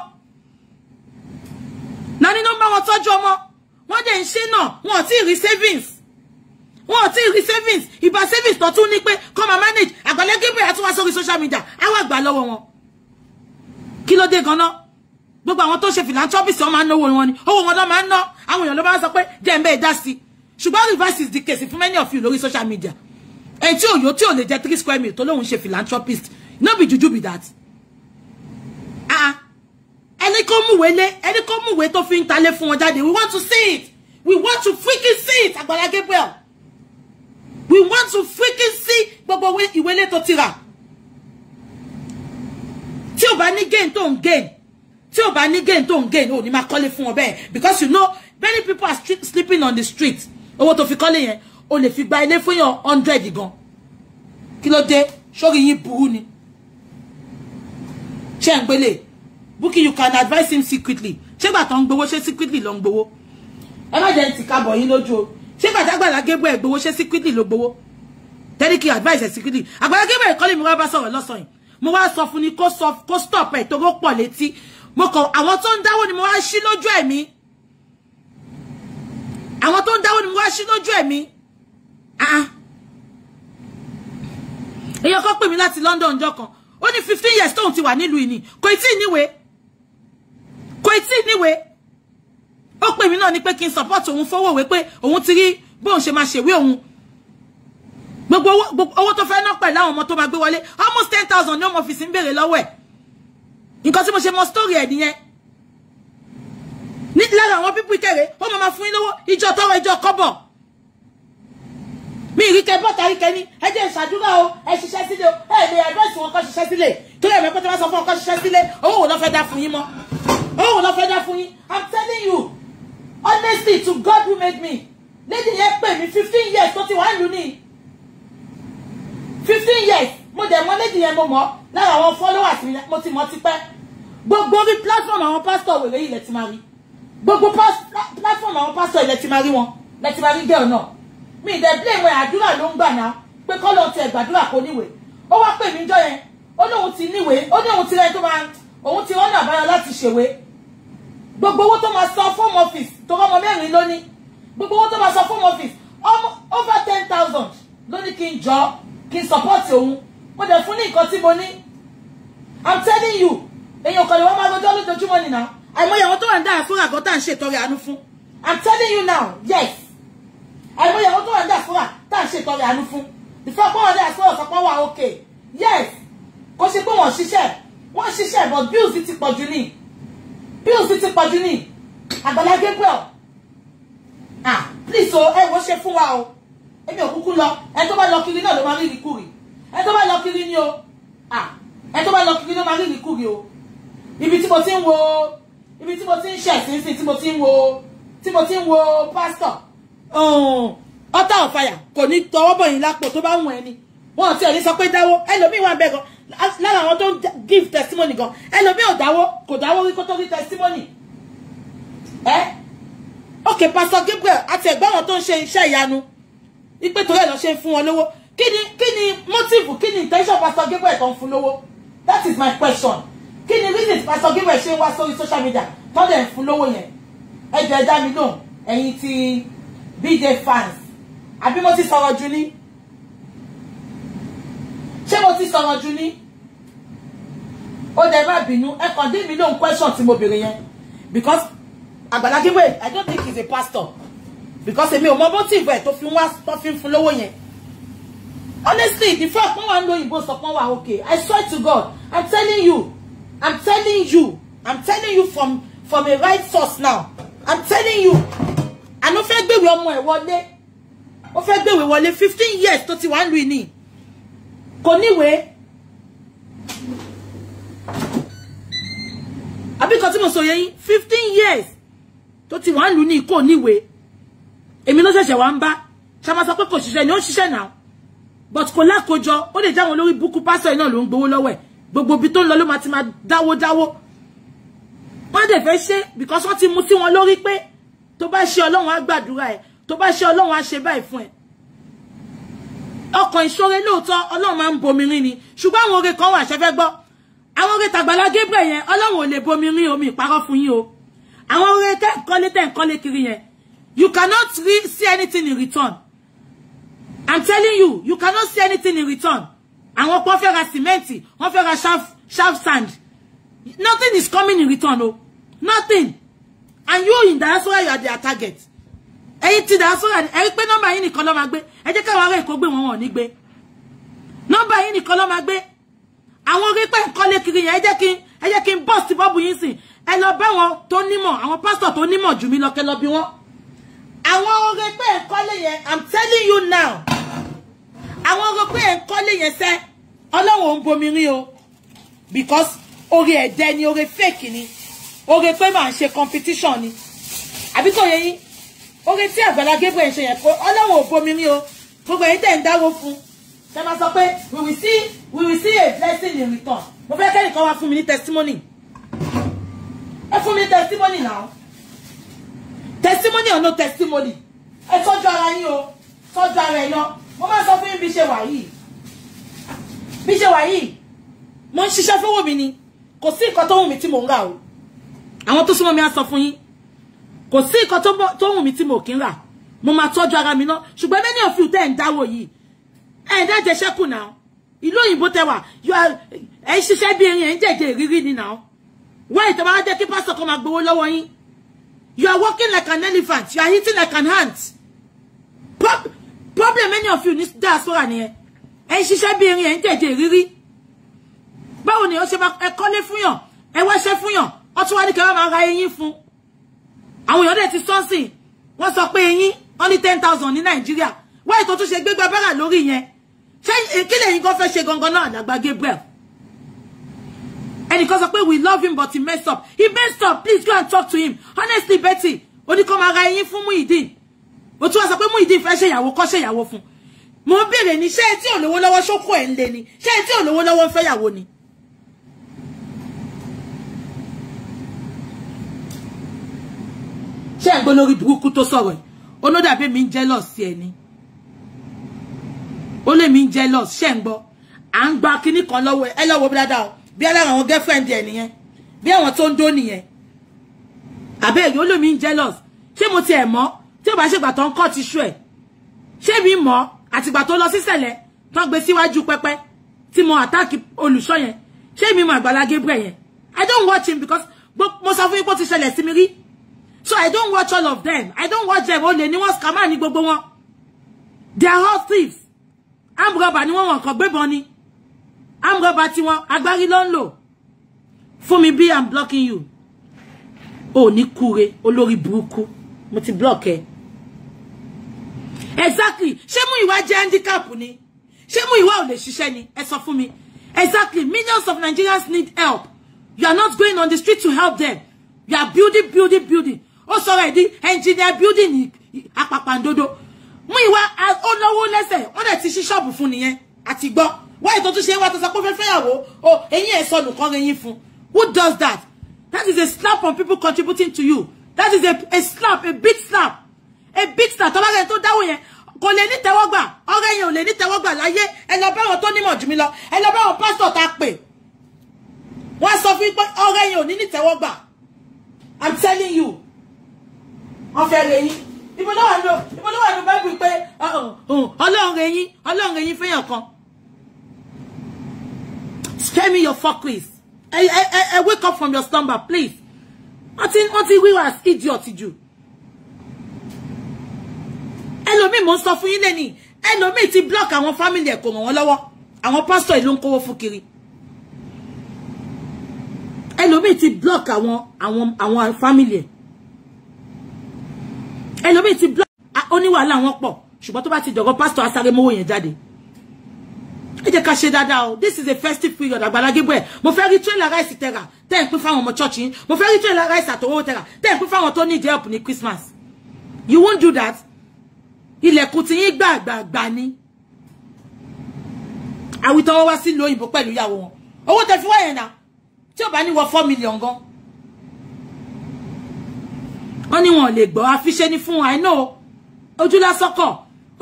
nani ló ń bá wọn tọ́jú ọmọ wọ́n dẹ̀ ń ṣe náà wọn ò tí ì rí savings wọn ò tí ì rí savings ìbá savings tó tún ní pé kọ́ máa manage Àgbàlá Gabriel àti wá sórí social media á wà gbà lọ́wọ́ wọn kí ló dé gan gbogbo àwọn tó ṣe philanthropist wọn máa ń náwó wọn ni owó wọn lọ máa ń ná àwọn èèyàn ló máa ń sọ pé jẹ́ ń bẹ́ẹ̀ dá sí ṣùgbọ́n reverse is the case fún many of you lórí social media ẹni tí òyò tí ò lè jẹ three square meal tó lóun ṣe philanthropist no be juju be that ẹni kó múwèé lé ẹni kó múwèé tó fi ń talé fún wọn jáde we want to see it we want to freaking see it Agbala Gabriel we want to freaking see gbogbo ìwélé tó ti rà tí ò bá ní gain tó ń gain tí o bá ní gain to gain o ní máa call fún wọn bẹ́ẹ̀ because you know many people are sleeping on the street owó tó fi kọ́lé yẹn o lè fi gba ilé fún yàn hundred gan kí ló dé sórí yín burú ni ṣé ń gbélé Bukky you can advise him secretly ṣé gbà tó ń gbowó ṣé secretly ló ń emergency ẹ má jẹ́ ti kábọ̀ yín lójú o ṣé gbàdágbàdá gébọ̀ ẹ̀ gbowó ṣé secretly ló gbowó tẹ́lẹ̀kì advice ẹ̀ secretly àgbàdá gébọ̀ ẹ̀ kọ́lé mi wá bá sọ̀rọ̀ lọ́sàn-án mo wá sọ fún ni kó stop ẹ̀ tó kó pọ̀ létí mo kàn àwọn tó ń dáwó ni mo wá ṣí lójú ẹ̀mí àwọn tó ń dáwó ni mo wá ṣí lójú ẹ̀mí èèyàn kan pè mí láti London jọ kan ó ní fifteen years tóun ti wà nílùú yìí ni kò tí ì níwèé kò tí ì níwèé ó pè mí náà ní pé kí n support òun fowó òwe pé òun ti rí bóun ṣe máa ṣèwé òun gbogbo owó tó fẹ́ ná pẹ̀lú àwọn ọmọ tó máa gbé wọlé almost ten thousand ní ọmọ fi sí ń béèrè lọ́wọ́ ẹ̀ nǹkan tí mo ṣe mọ story ẹ̀ nìyẹn ní lára àwọn pípú ìkẹrẹ ó máa ma fún yín lówó ìjọ tọrọ ìjọ kọ́bọ̀ mi rí kẹ bọ́ta rí kẹ ní ẹ jẹ́ ìṣàdúrà o ẹ ṣiṣẹ́ sílé o ẹ lè àdírẹ́sì wọn kọ́ ṣiṣẹ́ sílé tó lè mẹ́pẹ́ tó bá sọ fún ọkọ́ ṣiṣẹ́ sílé owó wò ló fẹ́ dá fún yín mọ́ owó wò ló fẹ́ dá fún yín i'm telling you honestly to God who made me lady yẹn pè mí fifteen years tó ti wà lù ní fifteen years mo dẹ̀ mọ lédi yẹn mo mọ̀ lára àwọn followers mi mo ti mọ̀ tipẹ́ gbogbo orí platform àwọn pastor wèrè yìí lẹ ti máa rí gbogbo platform àwọn pastor yìí lẹ ti máa rí wọn lẹ ti máa rí girl náà mi ìdẹ̀ blame wọn àdúrà ló ń gbà náà pé kọ́ lóun ti ẹ̀gbàdúrà kó níwèé ó wá pè mí jọ yẹn ó lóun ti níwèé ó ní òun ti rẹ tó máa òun ti rọ́nà àbáyọ láti ṣèwé gbogbo owó tó máa san fún office tó rọ́mọ mẹ́rin lónìí gbogbo owó tó máa san fún office over ten thousand lónìí kí n jọ kí n support òun mo dẹ̀ fún ní nǹkan tí mo ní i'm telling you èèyàn kan lè wọ́n máa lọ́jọ́ lójoojúmọ́ nìyà àìmọye àwọn tó wà ń dára fúnra kan tá à ń ṣètọrẹ àánú fún i'm telling you now yes àìmọye àwọn tó wà ń dára fúnra tá à ń ṣètọrẹ àánú fún ìfọ̀pọ̀ wọn dára fúnra ọ̀sọ̀pọ̀ wà okay yes kò ṣe pé wọ́n ṣiṣẹ́ wọ́n ṣiṣẹ́ but bills ti pọ̀jù ní bills ti pọ̀jù ní Àgbàlá Gabriel ah please o ẹ wo ṣe fún wa o èmi ò kúkú lọ ẹ tó bá lọ kiri náà ló máa rí ìrìkúrì ẹ tó bá lọ kiri ni o ẹ tó bá lọ kiri ló máa rí ìrìkúri o ibi tí mo ti ń wo ibi tí mo ti ń ṣe ìsinsìn tí mo ti ń wo tí mo ti ń wo pásítọ̀ ọ̀tá ọ̀fàyà kò ní tọwọ́ bọ̀ yín lápò tó bá wù ẹni wọn ti ẹni sọ pé dáwó ẹlòmíì wà bẹ́ẹ̀ gan lára àwọn tó ń give testimony gan ẹlòmíì ò dáwó kò dáwó rí kó tó rí testimony ẹ ok pastor Gabriel àti ẹ̀gbọ́n àwọn tó ń ṣe iṣẹ́ ìyanu ipe torí ẹ̀ lọ ṣe fún wọn lówó Kini, kini, kí ni motive kí ni intention pastor Gabriel tó ń fún lówó that is my question Kini, ni reason pastor Gabriel ṣe wá sórí social media tó dẹ̀ ń fún lówó yẹn ẹ jẹ́ dá mi lóhùn ẹ̀yin ti BJ fans àbí mo ti sọ̀rọ̀ jù ní ṣé mo ti sọ̀rọ̀ jù ní ó dẹ̀ má bínú ẹ kàn dé mi lóhùn question tí mo béèrè yẹn because Àgbàlá Gabriel I don't think he's a pastor because èmi ò mọ motive ti ìwẹ̀ tó fi wá tó fi ń fún lówó yẹn honestly the fact pọ́n wà know lo ìbò sọ pọ́n wà okay i swear to god i'm telling you i'm telling you i'm telling you from from a right source now i'm telling you I no àná fẹ́ gbèwé ọmọ ẹ̀ wọlé ó fẹ́ gbèwé wọlé fifteen years tó ti wà ń lu ìní kò níwèé àbí kan tí mo sọ yẹ yín fifteen years tó ti wà ń lu ní kò níwèé èmi ló ṣẹ̀ṣẹ̀ wá ń bá ṣàmásọ pé kò ṣiṣẹ́ ni ó ń ṣiṣẹ́ but kò lákòjọ ó lè jáwọn olórí búkú pásọ iná ló ń gbowó lọ́wọ́ ẹ̀ gbogbo ibi tó ń lọ ló máa ti máa dáwó dáwó wọ́n dẹ̀ fẹ́ ṣe because wọ́n ti mú sí wọn lórí pé tó bá ṣe ọlọ́run á gbàdúrà ẹ̀ tó bá ṣe ọlọ́run á ṣe báyìí fún ẹ̀ ọkàn ìṣòro lóòótọ́ ọlọ́run máa ń bomi rin ni ṣùgbọ́n àwọn oore kan wà ṣẹ́fẹ́ gbọ́ àwọn oore tàgbàlá Gabriel yẹn ọlọ́run ò lè bomi rin omi ìparọ́ fún yín o àwọn oore tẹ́ ń kọ́lé tẹ́ ń kọ́lé kiri yẹn you cannot see anything in return I'm telling you, you cannot see anything in return. Àwọn kan fẹ́ ra sìmẹ́ǹtì, wọ́n fẹ́ ra sharp sand. Nothing is coming in return o. Oh. Nothing. And you in diaspora you are their target. Eighty, ti diaspora ẹ rí pé nọ́mbà yín nìkan ló máa gbé. Ẹ jẹ́ káwọn ará Èkó gbé wọn wọn ní gbé. Nọ́mbà yín nìkan I máa gbé. Àwọn orí pé nǹkan lé kiri yẹn ẹ jẹ́ kí ẹ jẹ́ kí n bọ́ọ̀sì bọ́ọ̀bù yín sìn. Ẹ lọ bá wọn tó nímọ̀ àwọn pásítọ̀ tó nímọ̀ jù mí lọ kẹ́ lọ bí wọ́n. Àwọn I'm telling you now àwọn ọ̀rọ̀ pé ẹ̀ ń kọ́lé yẹn sẹ́ ọlọ́run ò ń bomi rí o because oore ẹ̀dẹ́ ni oore fake ni oore pé màá ṣe competition ni àbí kò yẹ yín oore tí Àgbàlá Gabriel ṣe yẹn kó ọlọ́run ò bomi rí o gbogbo ẹ̀yin tẹ̀ ń dáwó fún ṣe máa sọ pé we will see we will see a blessing in return mo fẹ́ kẹ́rì kan wá fún mi ní testimony ẹ fún mi ní testimony náà testimony or no testimony ẹ tọ́jú ara yín o tọ́jú ara ẹ náà mo máa sọ fún yín bí ṣe wà yìí bí ṣe wà yìí mo ń ṣiṣẹ́ fún wùmí ni kò sí nǹkan tó wù mí tí mò ń rà o àwọn tó súnmọ́ mi á sọ fún yín kò sí nǹkan tó wù mí tí mò kí ń rà mo máa tọ́jú ara mi náà ṣùgbọ́n many of you tẹ́ ẹ̀ ń dáwọ́ yìí ẹ̀ ń dájẹ́ ṣẹ́kù náà ìlú òyìnbó tẹ ẹ̀ ń ṣiṣẹ́ bí erin ẹ̀ ń jẹ̀jẹ̀ ìrírí ni náà wọ́n ìtọ́ máa jẹ́ kí pásítọ̀ kan máa gbowó lọ́wọ́ yín you are walking like an elephant you are eating like an ant pop problem many of you ní diaspora nìyẹn ẹ ń ṣiṣẹ́ bí erin ẹ̀ ń jẹ̀jẹ̀ rírí báwo ni ó ṣe máa ẹ kọ́lé fún yàn ẹ wáṣẹ́ fún yàn ó tún wá ní kẹwàá máa ra eyín fún àwọn èèyàn dẹ̀ ti sọ́ọ̀sì wọ́n sọ pé eyín wọ́n ní ten thousand Nigeria. nàìjíríà wáyé tó tún ṣe gbégbá bára lórí yẹn ṣé kí lẹ́yìn kan fẹ́ ṣe gangan náà àdàgbà Gabriel And because of pé we love him but he messed up he messed up please go and talk to him honestly Betty oníkan máa ra eyín fún Muyideen o tún wá sọ pé Muyideen fẹ́ ṣèyàwó kọ́ ṣèyàwó fún mo ń béèrè ní ṣé tí ò lówó lọ́wọ́ ṣókó ẹ̀ ń le ni ṣé tí ò lówó lọ́wọ́ ń fẹ́yàwó ni. ṣé ẹ̀ ń gbọ́ lórí burúkú tó sọ̀rọ̀ ẹ̀ olódàbí mi ń jealous sí ẹ ni ó lè mi ń jealous ṣé ń gbọ́ à ń gba kinní kan lọ́wọ́ ẹ lọ́wọ́ dáadáa o bí alára àwọn girlfriend ẹ nìyẹn bí àwọn tó ń dó nìyẹn àbẹ́ẹ̀yọ́ lè mi ń jealous ṣé mo ti ẹ̀ mọ́ tí ò bá ṣègbà tó ń kọ́ ti ṣú ẹ̀ ṣé mi mọ̀ àtìgbà tó lọ sísẹ̀lẹ̀ tó gbé síwájú pẹpẹ tí mo àtáàkì olùṣọ́ yẹn ṣé mi mọ̀ Àgbàlá Gabriel yẹn I don't watch him because mo sọ fún yín pé ó ti ṣẹlẹ̀ sí mi rí so I don't watch all of them I don't watch them ó lè ní wọ́n scammer ní gbogbo wọn they are all thieves amrọba ni wọ́n wọn kan gbébọn ni amrọba tí wọ́n agbárí ló ń lò fún mi bí I'm blocking you ò ní kúre olórí burúkú mo ti block ẹ exactly ṣé mu iwa jẹ́ handicap ni ṣé mú ìwà ò lè ṣiṣẹ́ ni ẹ sọ fún mi exactly millions of Nigerians need help you are not going on the street to help them you are building building building ó sọ̀rọ̀ ẹ̀ di engineer building àpàpàǹdodo mú ìwà ó náwó lẹ́sẹ̀ ó dẹ̀ ti ṣí ṣọ́ọ̀bù fún nìyẹn àti gbọ́ wáyé tó tún ṣe wá tó sọ pé fẹ́ fẹ́yàwó o eyín ẹ̀ sọnù kan eyín fún who does that that is a slap on people contributing to you that is a, a slap a big slap a big slap tó bá rẹ̀ tó dáwọ́ yẹn kò lè ní tẹ́wọ́gbà ọ̀rẹ́ yẹn ò lè ní tẹ́wọ́gbà láyé ẹ lọ bá wọn tó nímọ̀ jù mí lọ ẹ lọ bá wọn pásítọ̀ tá pè wọ́n sọ fún pé ọ̀rẹ́ yẹn ò ní ní tẹ́wọ́gbà i'm telling you wọ́n fẹ́ rẹ̀ yín ibo ló wà ló ibo ló wà ló bẹ́ẹ̀ bí pé ah, oh, oh, ọlọ́run rẹ̀ yín ọlọ́run rẹ̀ yín fẹ́yàn kan spare me your fuckeries I I I wake up from your slumber please wọ́n ti wọ́n ti wíwá idiot jù ẹlòmíì mo ń sọ fún yín lẹ́ni ẹlòmíì ti block àwọn family ẹ̀ kò mọ̀ wọ́n lọ́wọ́ àwọn pásítọ̀ ìlú ń kówó fún kiri ẹlòmíì ti block àwọn àwọn àwọn family ẹ̀ ẹlòmíì ti block oníwàhálà wọn pọ̀ ṣùgbọ́n tó bá ti dọ̀gọ́ pásítọ̀ asáré mówó yẹn jáde ẹ jẹ́ ká ṣe dáadáa o this is a festive period Agbala Gabriel mo fẹ́ rí trailer rice tẹ́ra tẹ́ ń pín fáwọn ọmọ church yín mo fẹ́ rí trailer rice àtọwọ́ tẹ́ra tẹ́ ń pín fáwọn tó need help ní Christmas you won't do that ilẹ̀kùn ti yín gbàgbàgbà ni àwítọ́wọ́ wá sílùú òyìnbó pẹ̀lú ìyàwó wọn owó tẹ fi wáyẹn náà tí ò bá ní wọ four million gan wọ́n ní wọn ò lè gbọ́ àfiṣẹ́ ni fún àìná ojúlásọ́kọ̀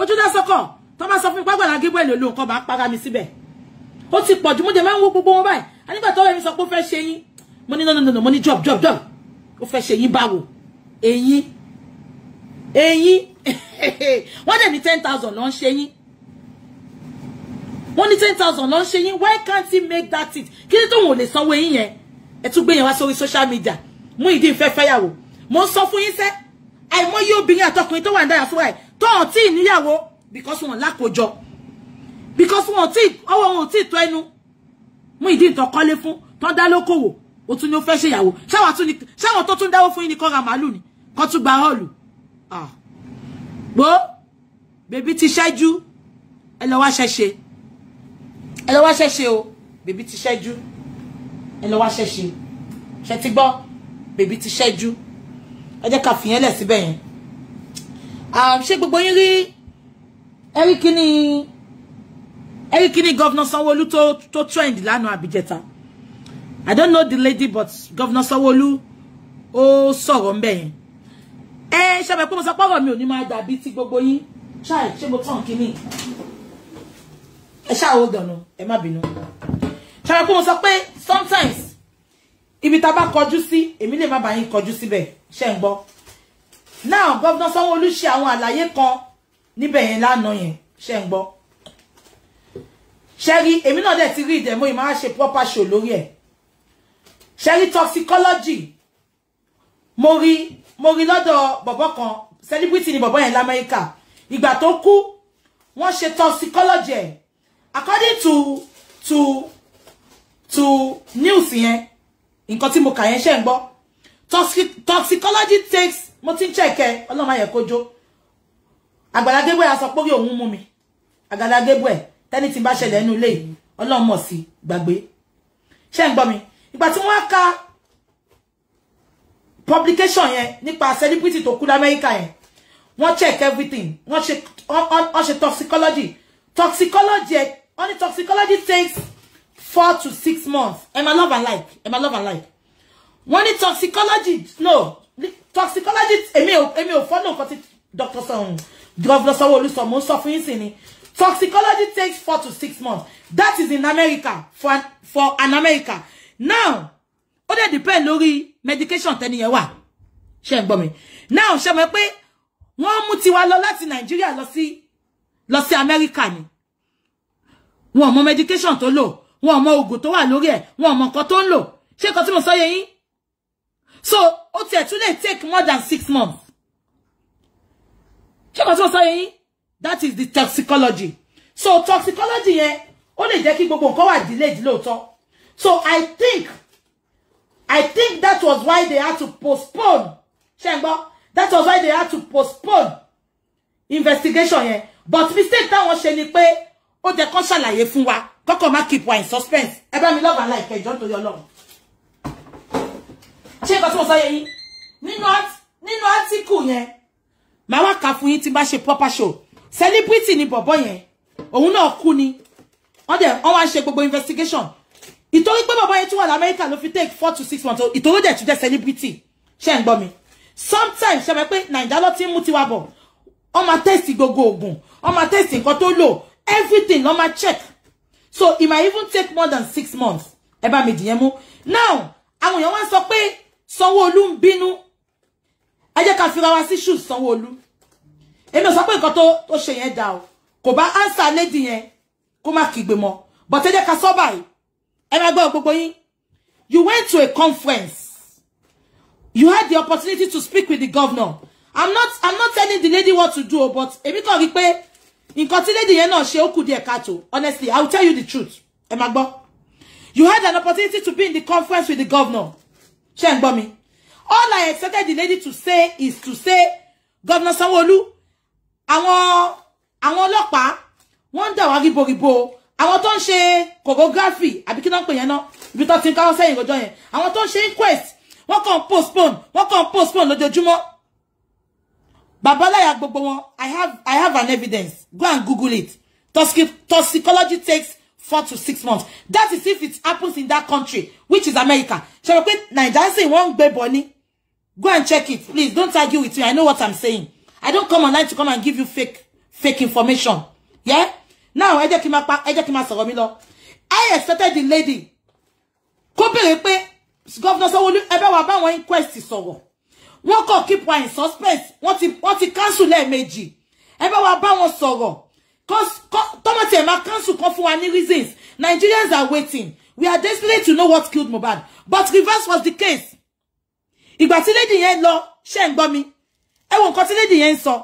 ojúlásọ́kọ̀ tó bá sọ fún Agbala Gabriel lòun kan máa ń para mi síbẹ̀ ó ti pọ̀jù mú jẹ́ máa ń wo gbogbo wọn báyìí a nígbà tó rẹ̀ mi sọ pé ó fẹ́ ṣe yín mo ní no no no no mo ní job job. drop ó fẹ́ ṣe yín báwo eyín eyín wọ́n dẹ̀ ní ten thousand ló ń ṣe yín wọ́n ní ten thousand ló ń why can't he make that it kí ni tóun ò lè sanwó eyín yẹn ẹ tún gbé yẹn wá social media mú ìdí ìfẹ́ fẹ́yàwó mo ń sọ fún yín sẹ́ àìmọye obìnrin àtọkùnrin tó wà ní dára fúnra ẹ̀ tó hàn tí ìníyàwó because wọn lákòjọ because wọn ò tí ọwọ́ wọn ò tí tó ẹnu mú ìdí ìtọ́kọ́lé fún tó dá lókòwò ó tún ní ó fẹ́ ni ṣáwọn tó tún dáwó fún yín ni kọ́ ra màálù ni kọ́ tún gba họ́ọ̀lù ah. gbó bèbí ti ṣẹ́jú ẹ lọ wá ṣẹ́ṣe ẹ lọ wá ṣẹ́ṣe o bèbí ti ṣẹ́jú ẹ lọ wá ṣẹ́ṣe ṣe ti gbọ́ bèbí ti ṣẹ́jú ẹ jẹ́ ká fìyẹn lẹ̀ síbẹ̀ yẹn um, ṣé gbogbo yín rí ẹrí kíní ẹrí kíní gọ́vnà Sanwó-Olú tó trend lánàá àbíjẹta. I don't know the lady but Governor Sawolu, oh ó sọ̀rọ̀ Eh, bẹ̀ yẹn. Ẹ ṣe mẹ́ pé mo sọ pọ́rọ̀ mi ò ní máa dàbí ti gbogbo yín. Ṣáì ṣé mo tàn kíní? Ẹ ṣáà ó dànù, ẹ má bínú. Ṣe mẹ́ pé mo sọ pé sometimes ibi tá a bá kọjú sí èmi lè má bàa yín kọjú Now Governor Sawolu, olu ṣe àwọn àlàyé kan níbẹ̀ be lánàá la ṣe ń gbọ́. Ṣẹ́rí èmi náà dẹ̀ ti mo ìdẹ̀mọ́ ìmáa ṣe proper show lórí ẹ̀ ṣẹ́rí toxicology Mori Mori mo rí lọ́dọ̀ bọ̀bọ̀ kan celebrity ni bọ̀bọ̀ yẹn lamẹ́ríkà ìgbà tó kú wọ́n ṣe toxicology according to to to news yẹn nǹkan tí mo kà yẹn ṣe ń gbọ́ toxicology takes mo ti ń ṣẹ̀kẹ́ ọlọ́mọ ayẹ̀ kojú Àgbàlá Gabriel aṣọ pórí òun mú mi Àgbàlá Gabriel tẹ́ni tí bá ṣẹlẹ̀ nínú ilé ọlọ́mọ̀ sí gbàgbé ṣé ń gbọ́ mi ìgbà tí wọ́n ka publication yẹn nípa celebrity tó kú lamẹ́ríkà yẹn wọ́n check everything wọ́n ṣe wọ́n ṣe toxicology toxicology wọ́n ní toxicology takes four to six months ẹ máa love and like ẹ love and like wọ́n ní toxicology no toxicology èmi ò èmi ò fọ́nà nǹkan tí doctor sọ̀hún governor sanwó-olu sọ mo ń sọ fún yín sí ni toxicology takes four to six months that is in America for an, for an America now ó dẹ̀ depend lori medication tẹ́niyẹn wà ṣe ń gbọ́ mi now ṣe mọ̀ pé wọ́n mú wa lọ láti Nigeria lọ sí lọ sí amẹ́ríkà ni wọn ò medication to lò wọn ò mọ to tó wà lórí ẹ̀ wọn ò mọ nǹkan tó ń lò mo sọ yẹ yín so ó tiẹ̀ tún lè take more than six months ṣé nǹkan tí mo sọ yẹ yín that is the toxicology so toxicology yẹn ó lè jẹ́ kí gbogbo nǹkan wà delayed lóòótọ́. So I think, I think that was why they had to postpone. chamber. that was why they had to postpone investigation Yeah. But mistake that wọ́n ṣe ni pé ó jẹ́ kọ́n ṣàlàyé keep one in suspense. Ẹ bá love and like ẹjọ́ don't do your nǹkan Check mo sọ yẹ yín? Nínú nínú átíkù yẹn, màá wá kà fún yín tí bá ṣe proper show. Celebrity ni bọ̀bọ̀ yẹn. Òun náà kú ni. Wọ́n dẹ̀ wọ́n wá ṣe gbogbo investigation ìtorí pé bàbá yẹn tún wà lamẹ́ríkà ló fi take four to six months ìtorí dẹ̀ tún jẹ́ celebrity ṣe ń gbọ́ mi sometimes ṣe mọ̀ pé nàìjà ló ti ń mú tiwa bọ̀ wọ́n máa test gbogbo oògùn wọ́n test nǹkan tó lò everything ló máa check so it might even take more than six months ẹ bá mi dìyẹn mú now àwọn èèyàn wá sọ pé Sanwó-Olú ń bínú ẹ jẹ́ ká fira wa sí shoes Sanwó-Olú èmi ò sọ pé nǹkan tó ṣe yẹn dá o kò bá answer lady yẹn kó má kígbe mọ́ but ẹ jẹ́ ká sọ báyìí ẹ máa gbọ́ gbogbo yín you went to a conference you had the opportunity to speak with the governor i'm not i'm not telling the lady what to do but èmi kàn rí pé nǹkan tí lady yẹn náà ṣe ó kù díẹ̀ káàtó honestly i will tell you the truth ẹ máa gbọ́ you had an opportunity to be in the conference with the governor ṣé ń gbọ́ mi all i expected the lady to say is to say governor sanwóolu àwọn àwọn ọlọ́pàá wọ́n ń dà wá ríboríbo àwọn tó ń ṣe choreography àbí kí náà pè yẹn náà ibi tó ti ń káwọ́ sẹ́yìn lọ́jọ́ yẹn àwọn tó ń ṣe inquest wọ́n kàn postpone wọ́n kàn postpone lójoojúmọ́ babaláya gbogbo wọn i have i have an evidence go and google it Toxic toxicology takes four to six months that is if it happens in that country which is America ṣe pé naija say wọ́n ń gbé bọ̀ ni go and check it please don't argue with me i know what i'm saying i don't come online to come and give you fake fake information yeah now ẹ jẹ́ kí n máa pa ẹ jẹ́ kí n máa sọ̀rọ̀ mi lọ i expected the lady kó béèrè pé governor Sanwó-Olú ẹ bá wa báwọn inquest sọ̀rọ̀ wọ́n kàn keep wa in suspense wọ́n ti wọ́n ti cancel lẹ́ẹ̀mejì ẹ bá wa bá wọn sọ̀rọ̀ tọ́mọ̀tì ẹ̀ máa cancel kan fún wa ní reasons Nigerians are waiting we are desperate to know what killed Mohbad but reverse was the case ìgbà tí lady yẹn lọ ṣe ń gbọ́ mi ẹ wo nǹkan tí lady yẹn ń sọ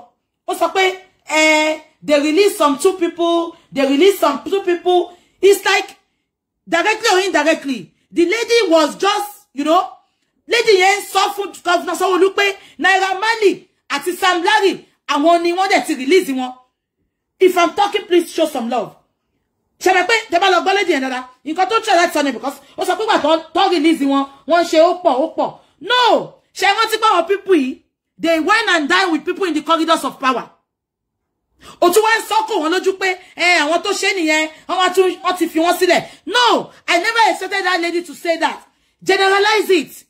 ó sọ pé ẹ eh, They release some two people. They release some two people. It's like directly or indirectly. The lady was just, you know, lady yẹn sọ fún governor Sanwó-Olú pé Naira Marley àti Sam Larry àwọn ni wọ́n dẹ̀ ti release one. If I'm talking, please show some love. Ṣé mọ̀ pé tẹ́ bá lọ gbọ́ lady yẹn dáadáa? Nǹkan tó ṣe láti sọ because ó sọ pé gbà tó release wọn, wọ́n ṣe ó pọ̀ No! Ṣé wọ́n ti pàwọn pípù yìí? They wine and dine with people in the corridors of power o tún wá ń sọ́kò wọn lójú pé ẹ eh, àwọn tó ṣe nìyẹn wọn wá ti fi wọn no i never expected that lady to say that generalize it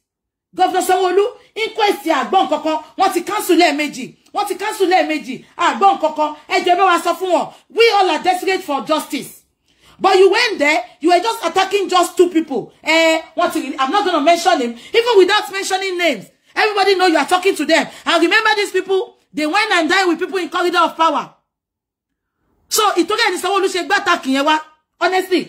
Governor sanwóolu inquest àgbọ̀n kankan wọ́n ti cancel lẹ́ẹ̀mejì wọ́n ti cancel lẹ́ẹ̀mejì àgbọ̀n kankan ẹjọ́ ẹ bá wa sọ fún we all are desperate for justice But you went there, you were just attacking just two people. Eh, what I'm not going to mention him, even without mentioning names. Everybody know you are talking to them. And remember these people, they went and died with people in corridor of power so ìtorí ẹni Sanwó-Olú ṣe gbátàkì yẹn wá honestly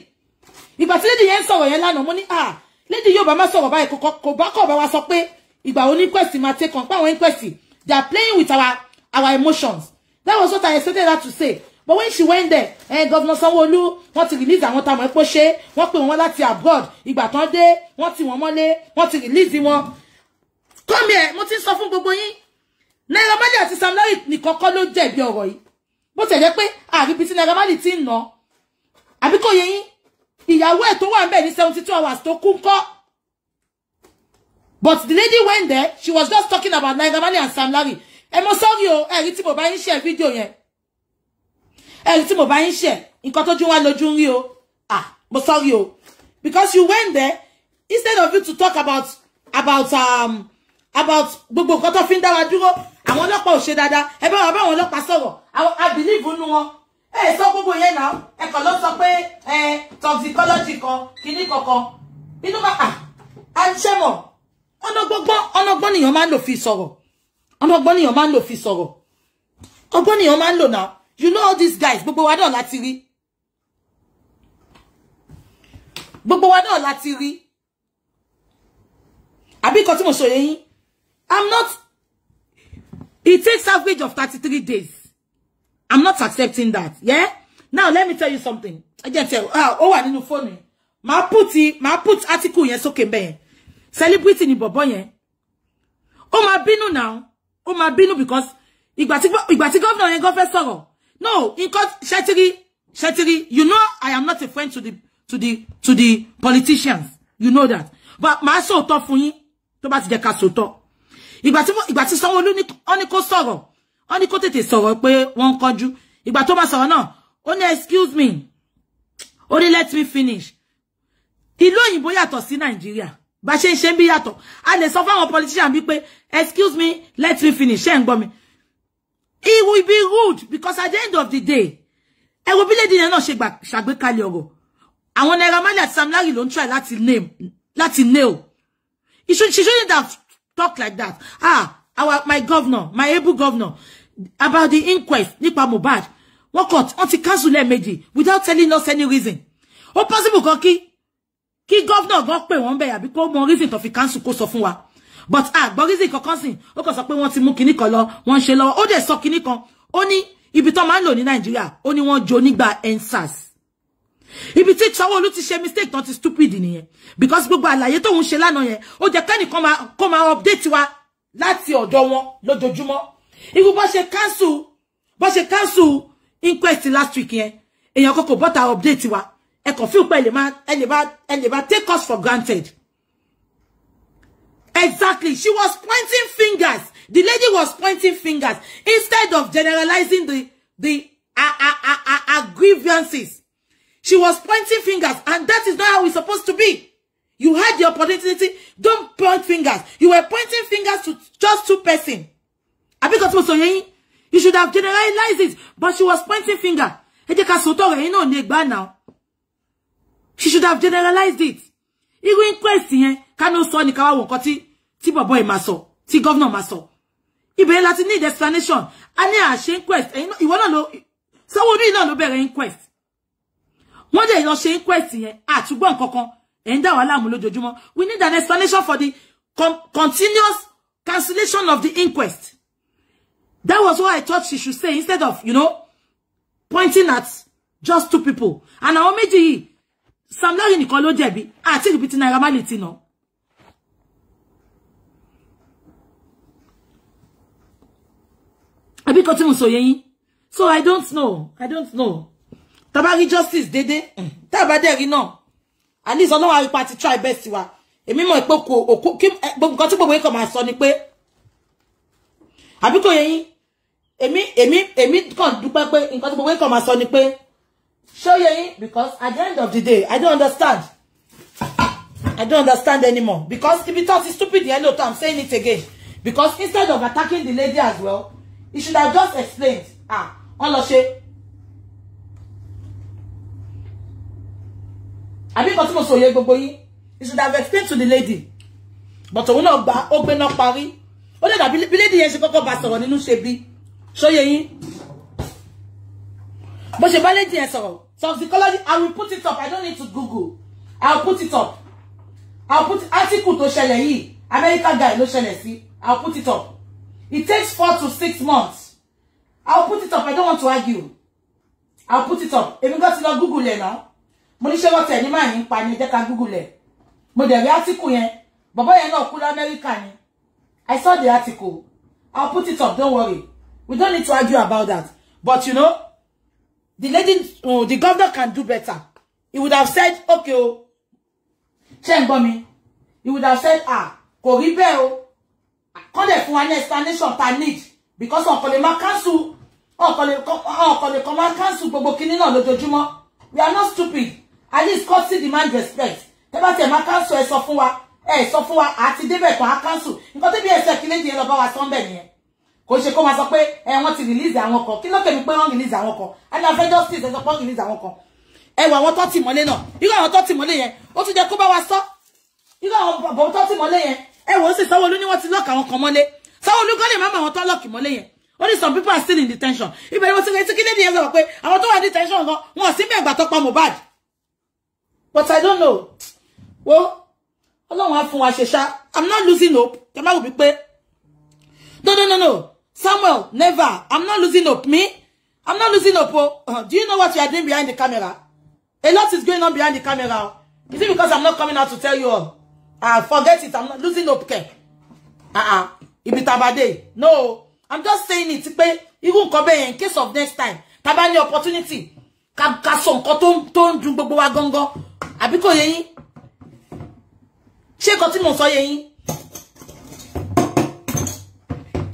ìgbà tí lady yẹn sọ̀rọ̀ yẹn lánàá mo ní ah lady yóò bá má sọ̀rọ̀ báyìí kò bá kọ̀ bá wa sọ pé ìgbà wo ní quest máa take on pé àwọn inquest they are playing with our our emotions that was what I expected her to say but when she went there eh, governor Sanwó-Olú wọ́n ti release àwọn táwọn epo ṣe wọ́n pè wọ́n láti abroad ìgbà tán dé wọ́n ti wọ́n mọ́lé wọ́n ti release wọn come here mo ti sọ fún gbogbo yín Naira Marley àti Sam Larry nìkan kọ́ ló jẹ̀bi ọ̀rọ̀ yìí bó ti jẹ́ pé àríbi tí Naira Marley ti ń nà àbí kò yẹ yín ìyàwó ẹ̀ tó wà níbẹ̀ ní seventy two hours tó kú ńkọ́ but the lady went there she was just talking about Naira Marley and Sam Larry ẹ mọ sọ́ọ̀rì o ẹ̀rí tí mo bá yín ṣe fídíò yẹn ẹ̀rí tí mo bá yín ṣe nǹkan tójú wá lójú ń rí o ah mo sọ́ọ̀rì o because you went there instead of you to talk about about um, about gbogbo nǹkan tó fi ń dá dúró àwọn ọlọ́pàá ò ṣe dáadáa ẹ wọn bá ọlọ́pàá sọ̀rọ̀ i believe nínú wọn ẹ sọ gbogbo yẹn náà ẹ kàn ló sọ pé ẹ toxicology kan kìíní kankan inú bá à ah, á ń ṣẹ́mọ̀ ọlọ́gbọ́gbọ́ ọlọ́gbọ́n nìyẹn máa ń lò fi sọ̀rọ̀ ọlọ́gbọ́n nìyẹn máa ń lò fi sọ̀rọ̀ ọgbọ́n nìyẹn máa ń lò náà you know all these guys gbogbo wa náà láti rí gbogbo wa náà láti rí àbí kan tí mo sọ yẹn yín i'm not It takes average of 33 days. I'm not accepting that. Yeah? Now, let me tell you something. I just tell Oh, I didn't nínú phone. My put, my put article yes okay. ńbẹ̀. Celebrity ni bọ̀bọ́ yẹn. Ó máa bínú now. Oh, máa binu because ìgbà tí ìgbà tí governor yẹn go fẹ́ sọ̀rọ̀. Shetiri, Shetiri, you know I am not a friend to the to the to the politicians. You know that. But my sọ òótọ́ for yín to bá ti castle talk ìgbà tí ìgbà tí Sanwó-Olú ní kó sọ̀rọ̀ ó ní kó tètè sọ̀rọ̀ pé wọ́n ń kánjú ìgbà tó máa sọ̀rọ̀ náà ó ní excuse me ó ní let me finish ìlú òyìnbó yàtọ̀ sí Nàìjíríà bá ṣe ń ṣe ń bí yàtọ̀ a lè sọ fáwọn politician bíi pé excuse me let me finish ṣe ń gbọ́ mi it will be rude because at the end of the day ẹ wo bíléèdì yẹn náà ṣe ṣàgbékalẹ̀ ọ̀rọ̀ àwọn Naira Marley àti Sam Larry ló ń try láti nail láti nail she shouldn't talk like that ah our my governor my able governor about the inquest Nipa Mohbad what kọ̀ auntie ti cancel lẹ́ẹ̀mejì without telling us any reason ó possible kan ki governor gan pè wọ́n bẹ̀ àbí kó reason tó fi cancel kó sọ fún wa but àgbọ̀ ah, reason kankan sìn ó kàn sọ one wọ́n ti mú kinní kan lọ wọ́n ń ṣe lọ́wọ́ ó dẹ̀ sọ kinní kan ó ní ibi tó máa ń If ti ṣe mistake not ti stupid nìyẹn because gbogbo àlàyé tóun ṣe lánàá yẹn ó jẹ́ kẹ́nìkan kó máa update wa láti ọ̀dọ̀ wọn lójoojúmọ́ irú bó ṣe cancel bó ṣe cancel inquest last week and you're going to update you. And kàn feel pé ẹ lè máa ẹ lè máa take us for granted exactly she was pointing fingers the lady was pointing fingers instead of generalizing the the her her her her grievances She was pointing fingers, and that is not how it's supposed to be. You had the opportunity, don't point fingers. You were pointing fingers to just two person. You should have generalized it, but she was pointing finger. She should have generalized it. Irú inquest yẹn ká no sọ ni kawa wá wo nǹkan tí tí bọ̀bọ́ ẹ máa governor maso. sọ. Ibẹ̀ láti need explanation. Ani a she inquest, ẹ̀yin ìwọ náà ló Sanwó-Olu náà ló bẹ̀rẹ̀ inquest wọ́n dẹ̀ lọ ṣe inquest yẹn àtúgbọ́ nǹkan kan ẹ̀ ń dà wá láàmú lójoojúmọ́ we need an explanation for the con continuous cancellation of the inquest that was what I thought she should say instead of you know pointing at just two people and àwọn méjì yìí Sam Larry nìkan ló jẹ̀bi àti ìrìbìtì Naira Marley ti nà. àbí kan tí mo sọ yẹn so I don't know I don't know tá bá rí justice dédé mm. tá bá dẹ̀ rí náà at least Ọlọ́run á rí pa ti try best wa èmi mọ̀ pé kò òkú kí nǹkan tí gbogbo yín kàn máa sọ ni pé àbí kò yẹ emi, emi. èmi èmi kàn dúpẹ́ pé nǹkan tí gbogbo yín kàn máa sọ ni pé ṣé ó because at the end of the day I don't understand I don't understand anymore because if it is stupid yẹn lóòótọ́ I'm saying it again because instead of attacking the lady as well he should have just explained ah wọ́n lọ àbí nǹkan tí mo sọ yẹ gbogbo yín you should have explained to the lady but òun náà gba ó up náà parí ó dẹ̀ dàbí bí lady yẹn ṣe kọ́kọ́ bá sọ̀rọ̀ nínú ṣe bí ṣóyẹ yín bó ṣe bá lady yẹn sọ̀rọ̀ psychology. i will put it up i don't need to google i will put it up i will put article tó ṣẹlẹ̀ yìí american guy ló ṣẹlẹ̀ sí i will put it up it takes four to six months i will put it up i don't want to argue i will put it up èmi gbọ́ ti lọ google ẹ̀ now." mo ní ṣé wọ́n tẹ̀ ní máa ní pa ni jẹ́ ká google ẹ̀ mo dẹ̀ article átíkù yẹn bàbá yẹn náà kú lamẹ́ríkà ni I saw the article I'll put it up don't worry we don't need to argue about that but you know the lady uh, the governor can do better he would have said okay o oh. ṣé ń he would have said ah kò rí bẹ́ẹ̀ o kọ́ dẹ̀ fún wa ní explanation ta need because ọ̀kan lè máa cancel ọ̀kan lè kọ́ máa gbogbo kinní náà lójoojúmọ́ we are not stupid at least courtesy demand respect ẹ bá tẹ̀ máa council ẹ sọ fún wa ẹ sọ fún wa àti débẹ̀ kan á council nǹkan tó bí ẹsẹ̀ kí méjì yẹn lọ bá wa sọ́ńbẹ̀ nìyẹn kò ṣe kó máa sọ pé ẹ wọ́n ti release àwọn kan kí ló kẹ́mi pé wọ́n release àwọn kan ẹni afẹ́ justice ẹ sọ pé wọ́n release àwọn kan ẹ wọ àwọn tó ti mọ́lé náà irú àwọn tó ti mọ́lé yẹn ó tún jẹ́ kó bá wa sọ irú àwọn bọ̀bọ̀ tó ti mọ́lé yẹn ẹ wò ó sì Sanwó-Olú ni wọ́n ti lọ́ọ̀kì àwọn kan mọ́lé Sanwó-Olú gọ́lẹ̀ máma àwọn tó lọ́ọ̀kì mọ́lé yẹn ó ní some people are still in detention ibẹ̀ ni wọ́n ti retí kí lédi yẹn sọ pé àwọn tó wà ní detention gan wọn ò sí bẹ́ẹ̀ gbà tó pa Mohbad but i don't know Well, ọlọ́run á fún wa ṣe ṣá i'm not losing hope kẹ má wò wípé no no no no samuel never i'm not losing hope me i'm not losing hope o oh, uh, do you know what you are doing behind the camera a lot is going on behind the camera is it because i'm not coming out to tell you all ah uh, forget it i'm not losing hope kẹ ah ah ibi tabade no i'm just saying it pé irú nǹkan bẹ́ẹ̀ in case of next time tá bá opportunity ká ká sọ nǹkan tó ń tó ń dùn gbogbo wa gangan àbí kò yé yín ṣé kan tí mo sọ yé yín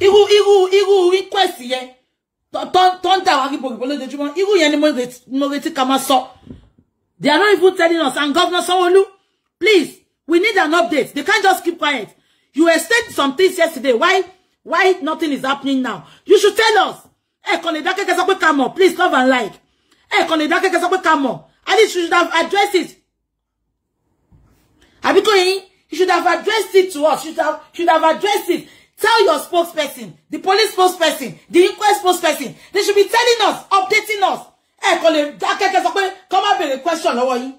irú irú irú request yẹn tó ń dà wá rí bòrìbò lójoojúmọ́ irú yẹn ni mo retí ká máa sọ they are not even telling us and governor sanwóolu please we need an update they can't just keep quiet you explained some things yesterday why why nothing is happening now you should tell us ẹ kàn lè dákẹ́kẹ́ sọ pé ká mọ̀ please love and like ẹ kàn lè dákẹ́kẹ́ sọ pé ká mọ̀ at least you should have addressed it Abikoyin, you should have addressed it to us. You should have, should have addressed it. Tell your spokesperson, the police spokesperson, the inquest spokesperson. They should be telling us, updating us. Eh, come up with a question are you?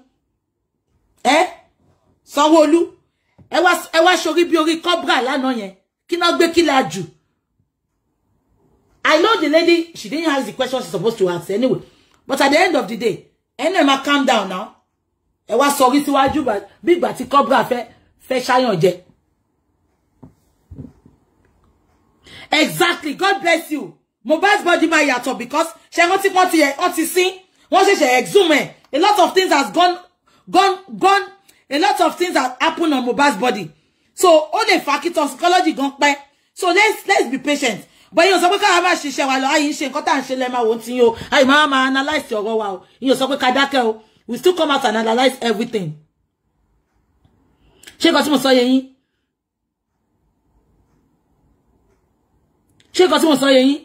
Eh? Sanwó-Olú. Ẹ wá ẹ wá sórí bí orí cobra lánàá yẹn. Kí be gbé jù. I know the lady, she didn't ask the question she's supposed to ask anyway. But at the end of the day, ẹ ná calm down now. ẹ wá sọrí síwájú bí ìgbà tí cobra fẹ́ fẹ́ ṣáyàn jẹ exactly god bless you Mohbad's body máa yàtọ̀ because ṣe rántí pọ́n ti ẹ̀ ọ́n ti sín wọ́n ṣẹ̀ṣẹ̀ exhume ẹ̀ a lot of things has gone gone gone a lot of things has happened on Mohbad's body so ó lè fa kí toxicology gan pẹ́ so let's let's be patient but ìyẹn sọ pé ka máa ṣiṣẹ́ wa lọ ayin ń ṣe nǹkan tá à ń ṣe lẹ́ẹ̀ máa wò ó ti yín o ayé máa máa o ìyẹn sọ pé ká o we still come out and analyze everything ṣé nǹkan tí mo sọ yẹ yín ṣé nǹkan tí mo sọ yẹ yín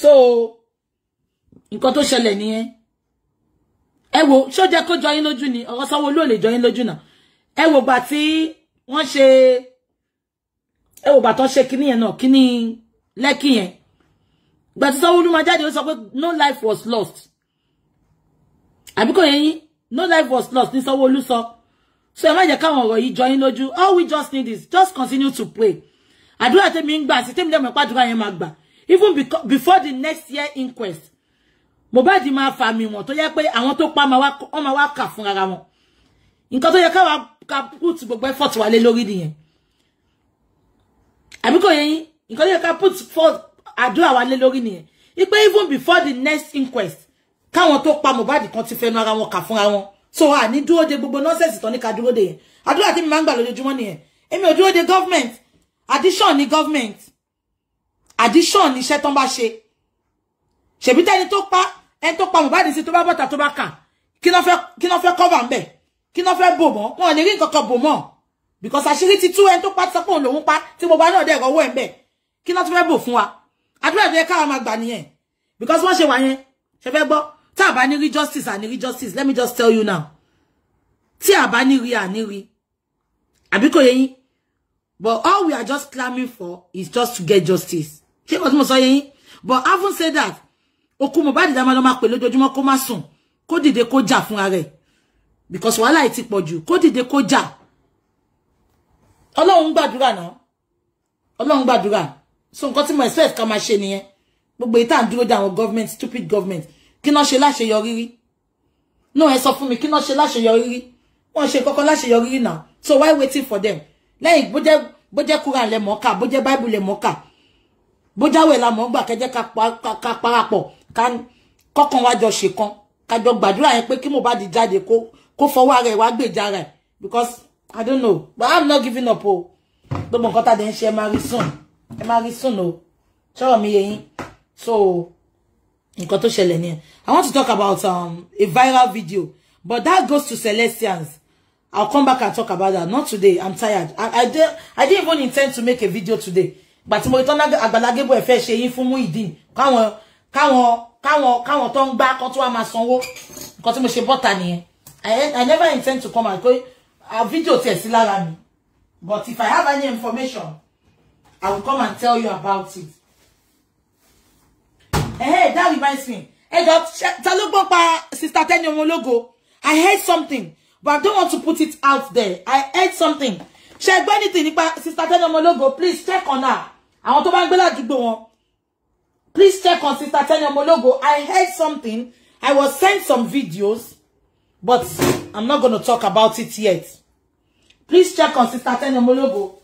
so nǹkan tó ṣẹlẹ̀ nìyẹn ẹ wo ṣó jẹ́ kó jọ yín lójú ni ọ̀rọ̀ Sanwó-Olú ò lè jọ yín lójú náà ẹ wo gbà tí wọ́n ṣe ẹ wo gbà tó ṣe kíní yẹn náà kíní lẹ́kì yẹn gbà Sanwó-Olú máa jáde ó sọ pé no life was lost àbíkò yẹn no life was lost ní sanwóolu sọ so ẹ má jẹ́ káwọn ọ̀rọ̀ yìí jọ yín lójú all we just need is just continue to pray àdúrà tèmi ń gbà àti tèmi dẹ̀ mọ̀ pàdúrà yẹn máa gbà even before the next year inquest Mohbad máa fa mi wọn to yẹ pé àwọn tó pa wọn ma wa kà fún ara wọn nǹkan tó yẹ káwa ka put gbogbo effort wa lé lórí nìyẹn àbíkò yẹn yín nǹkan tó yẹ ká put for àdúrà wa lé lórí nìyẹn ipe even before the next inquest káwọn tó pa Mohbad kan ti fẹnu ara wọn kà fúnra wọn so a ní dúró de gbogbo nọ́sẹ̀sì tán ní ká dúró de yẹn àdúrà tí mi máa ń gbà lójoojúmọ́ nìyẹn èmi ò dúró de government addition ni government addition ni iṣẹ́ tán bá ṣe ṣèbí tẹ́ni tó pa ẹni tó pa Mohbad sí tó bá bọ́ta tó bá kà kí ló fẹ́ cover ń bẹ̀ kí ló fẹ́ bò mọ́ wọn ò lè rí nǹkan kan bò mọ́ because àṣírí ti tú ẹni tó pa ti sọ pé òun lòun pa tí mo bá náà dẹ̀ rọwọ́ ẹ̀ ń bẹ̀ kí ló tún fẹ́ bò fún wa àdúrà tó káwọn máa gbà nìyẹn because wọ́n ṣe wà yẹn ṣe fẹ́ gbọ́ tá a bá ní rí justice àní rí justice let me just tell you now tí a bá ní rí àní rí àbí kò yé yín but all we are just clamming for is just to get justice ṣé kò tí mo sọ yé but having said that oku mo ba di lọ máa pè lójoojúmọ́ kó má sùn kó dìde kó jà fúnra rẹ̀ because wàhálà yìí ti pọ̀ jù kó dìde kó jà ọlọ́run gbàdúrà náà ọlọ́run gbàdúrà so nǹkan tí mo expect ká máa ṣe nìyẹn gbogbo ìta ń dúró de government stupid government kí náà ṣe láṣeyọrí rí náà ẹ sọ fún mi kí náà ṣe láṣeyọrí rí wọ́n ṣe kọ́kọ́ láṣeyọrí rí náà so why waiting for them lẹ́yìn bó jẹ́ bó jẹ́ Quran lẹ mọ̀ Bible lẹ mọ̀ ká bó la mọ̀ ń gbà kẹjẹ́ ká parapọ̀ ká kọ́kàn wá jọ ṣèkan ká jọ gbàdúrà yẹn pé kí Mohbad jáde kó kó fọwọ́ rẹ̀ wá gbèjà rẹ̀ because I don't know but I'm not giving up o gbogbo nǹkan tá a dẹ̀ ń ṣe ẹ máa rí soon ẹ máa rí soon o ṣọ́rọ̀ mi yẹ yín so nǹkan tó ṣẹlẹ̀ ni i want to talk about um, a viral video but that goes to Celestians i'll come back and talk about that not today i'm tired i i, de I didn't even intend to make a video today But mo tán Agbala Gabriel fẹ́ ṣe yín fún Muyideen káwọn káwọn káwọn káwọn tó ń gbá kó tó wá máa sanwó nǹkan tí mo ṣe bọ́ta nìyẹn i i never intend to come and go a video tiẹ̀ sí lára mi but if i have any information i will come and tell you about it Eh, hey, that reminds me. Hey, God, ta ló gbọ́ pa Sister Tenny logo. I heard something, but I don't want to put it out there. I heard something. Check anything nípa Sister Tenny logo, please check on her. I want to ń gbé ládùúgbò wọn. Please check on Sister Tenny logo. I heard something. I was sent some videos, but I'm not going to talk about it yet. Please check on Sister Tenny Omologo.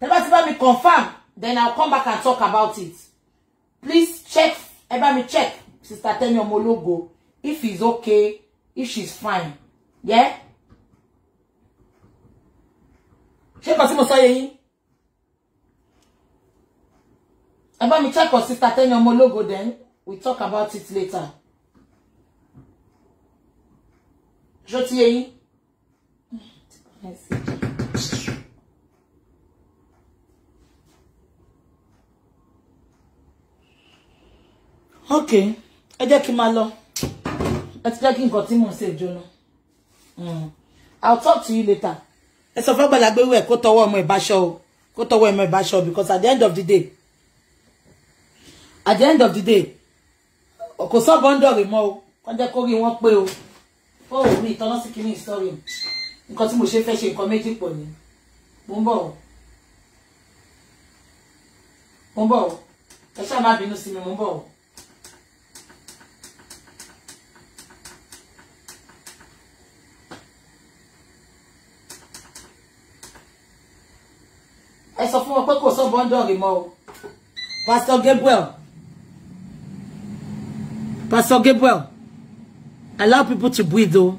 Tẹ́ bá ti bá confirm, then I'll come back and talk about it. Please check ẹ me check sister Tẹ́ni Ọmọlógo if he's okay if she's fine yeah She kàn sí mo sọ yẹ yín ẹ bá check on sister Tẹ́ni Ọmọlógo then we talk about it later ṣó ok ẹ jẹ́ kí n máa lọ ẹ ti jẹ́ kí nǹkan tí mò ń ṣe jóná hmm. i'll talk to you later ẹ sọ fún Àgbàlá Gabriel kó tọwọ́ ọmọ ìbáṣọ o kó tọwọ́ ọmọ ìbáṣọ because at the end of the day at the end of the day kò sọ bọ́ńdọ̀rì mọ́ o wọ́n jẹ́ kó rí wọn pé o ó ò rí ìtọ́nà sí kìíní ìsọ̀rí nǹkan tí mo ṣe fẹ́ ṣe nǹkan méjì pọ̀ ni mo ń bọ̀ o mo ń bọ̀ o ẹ ṣáà má bínú sí mi mo ń bọ̀ o. ẹ sọ fún wọn pé kò sọ bọ́ńdọ̀rì mọ́ o pastor Gabriel pastor Gabriel allow people to breathe o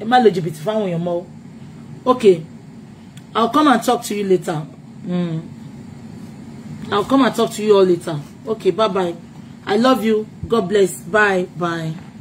ẹ má lo jìbìtì fáwọn èèyàn mọ́ o okay I'll come and talk to you later mm. I'll come and talk to you all later okay bye bye I love you God bless bye bye.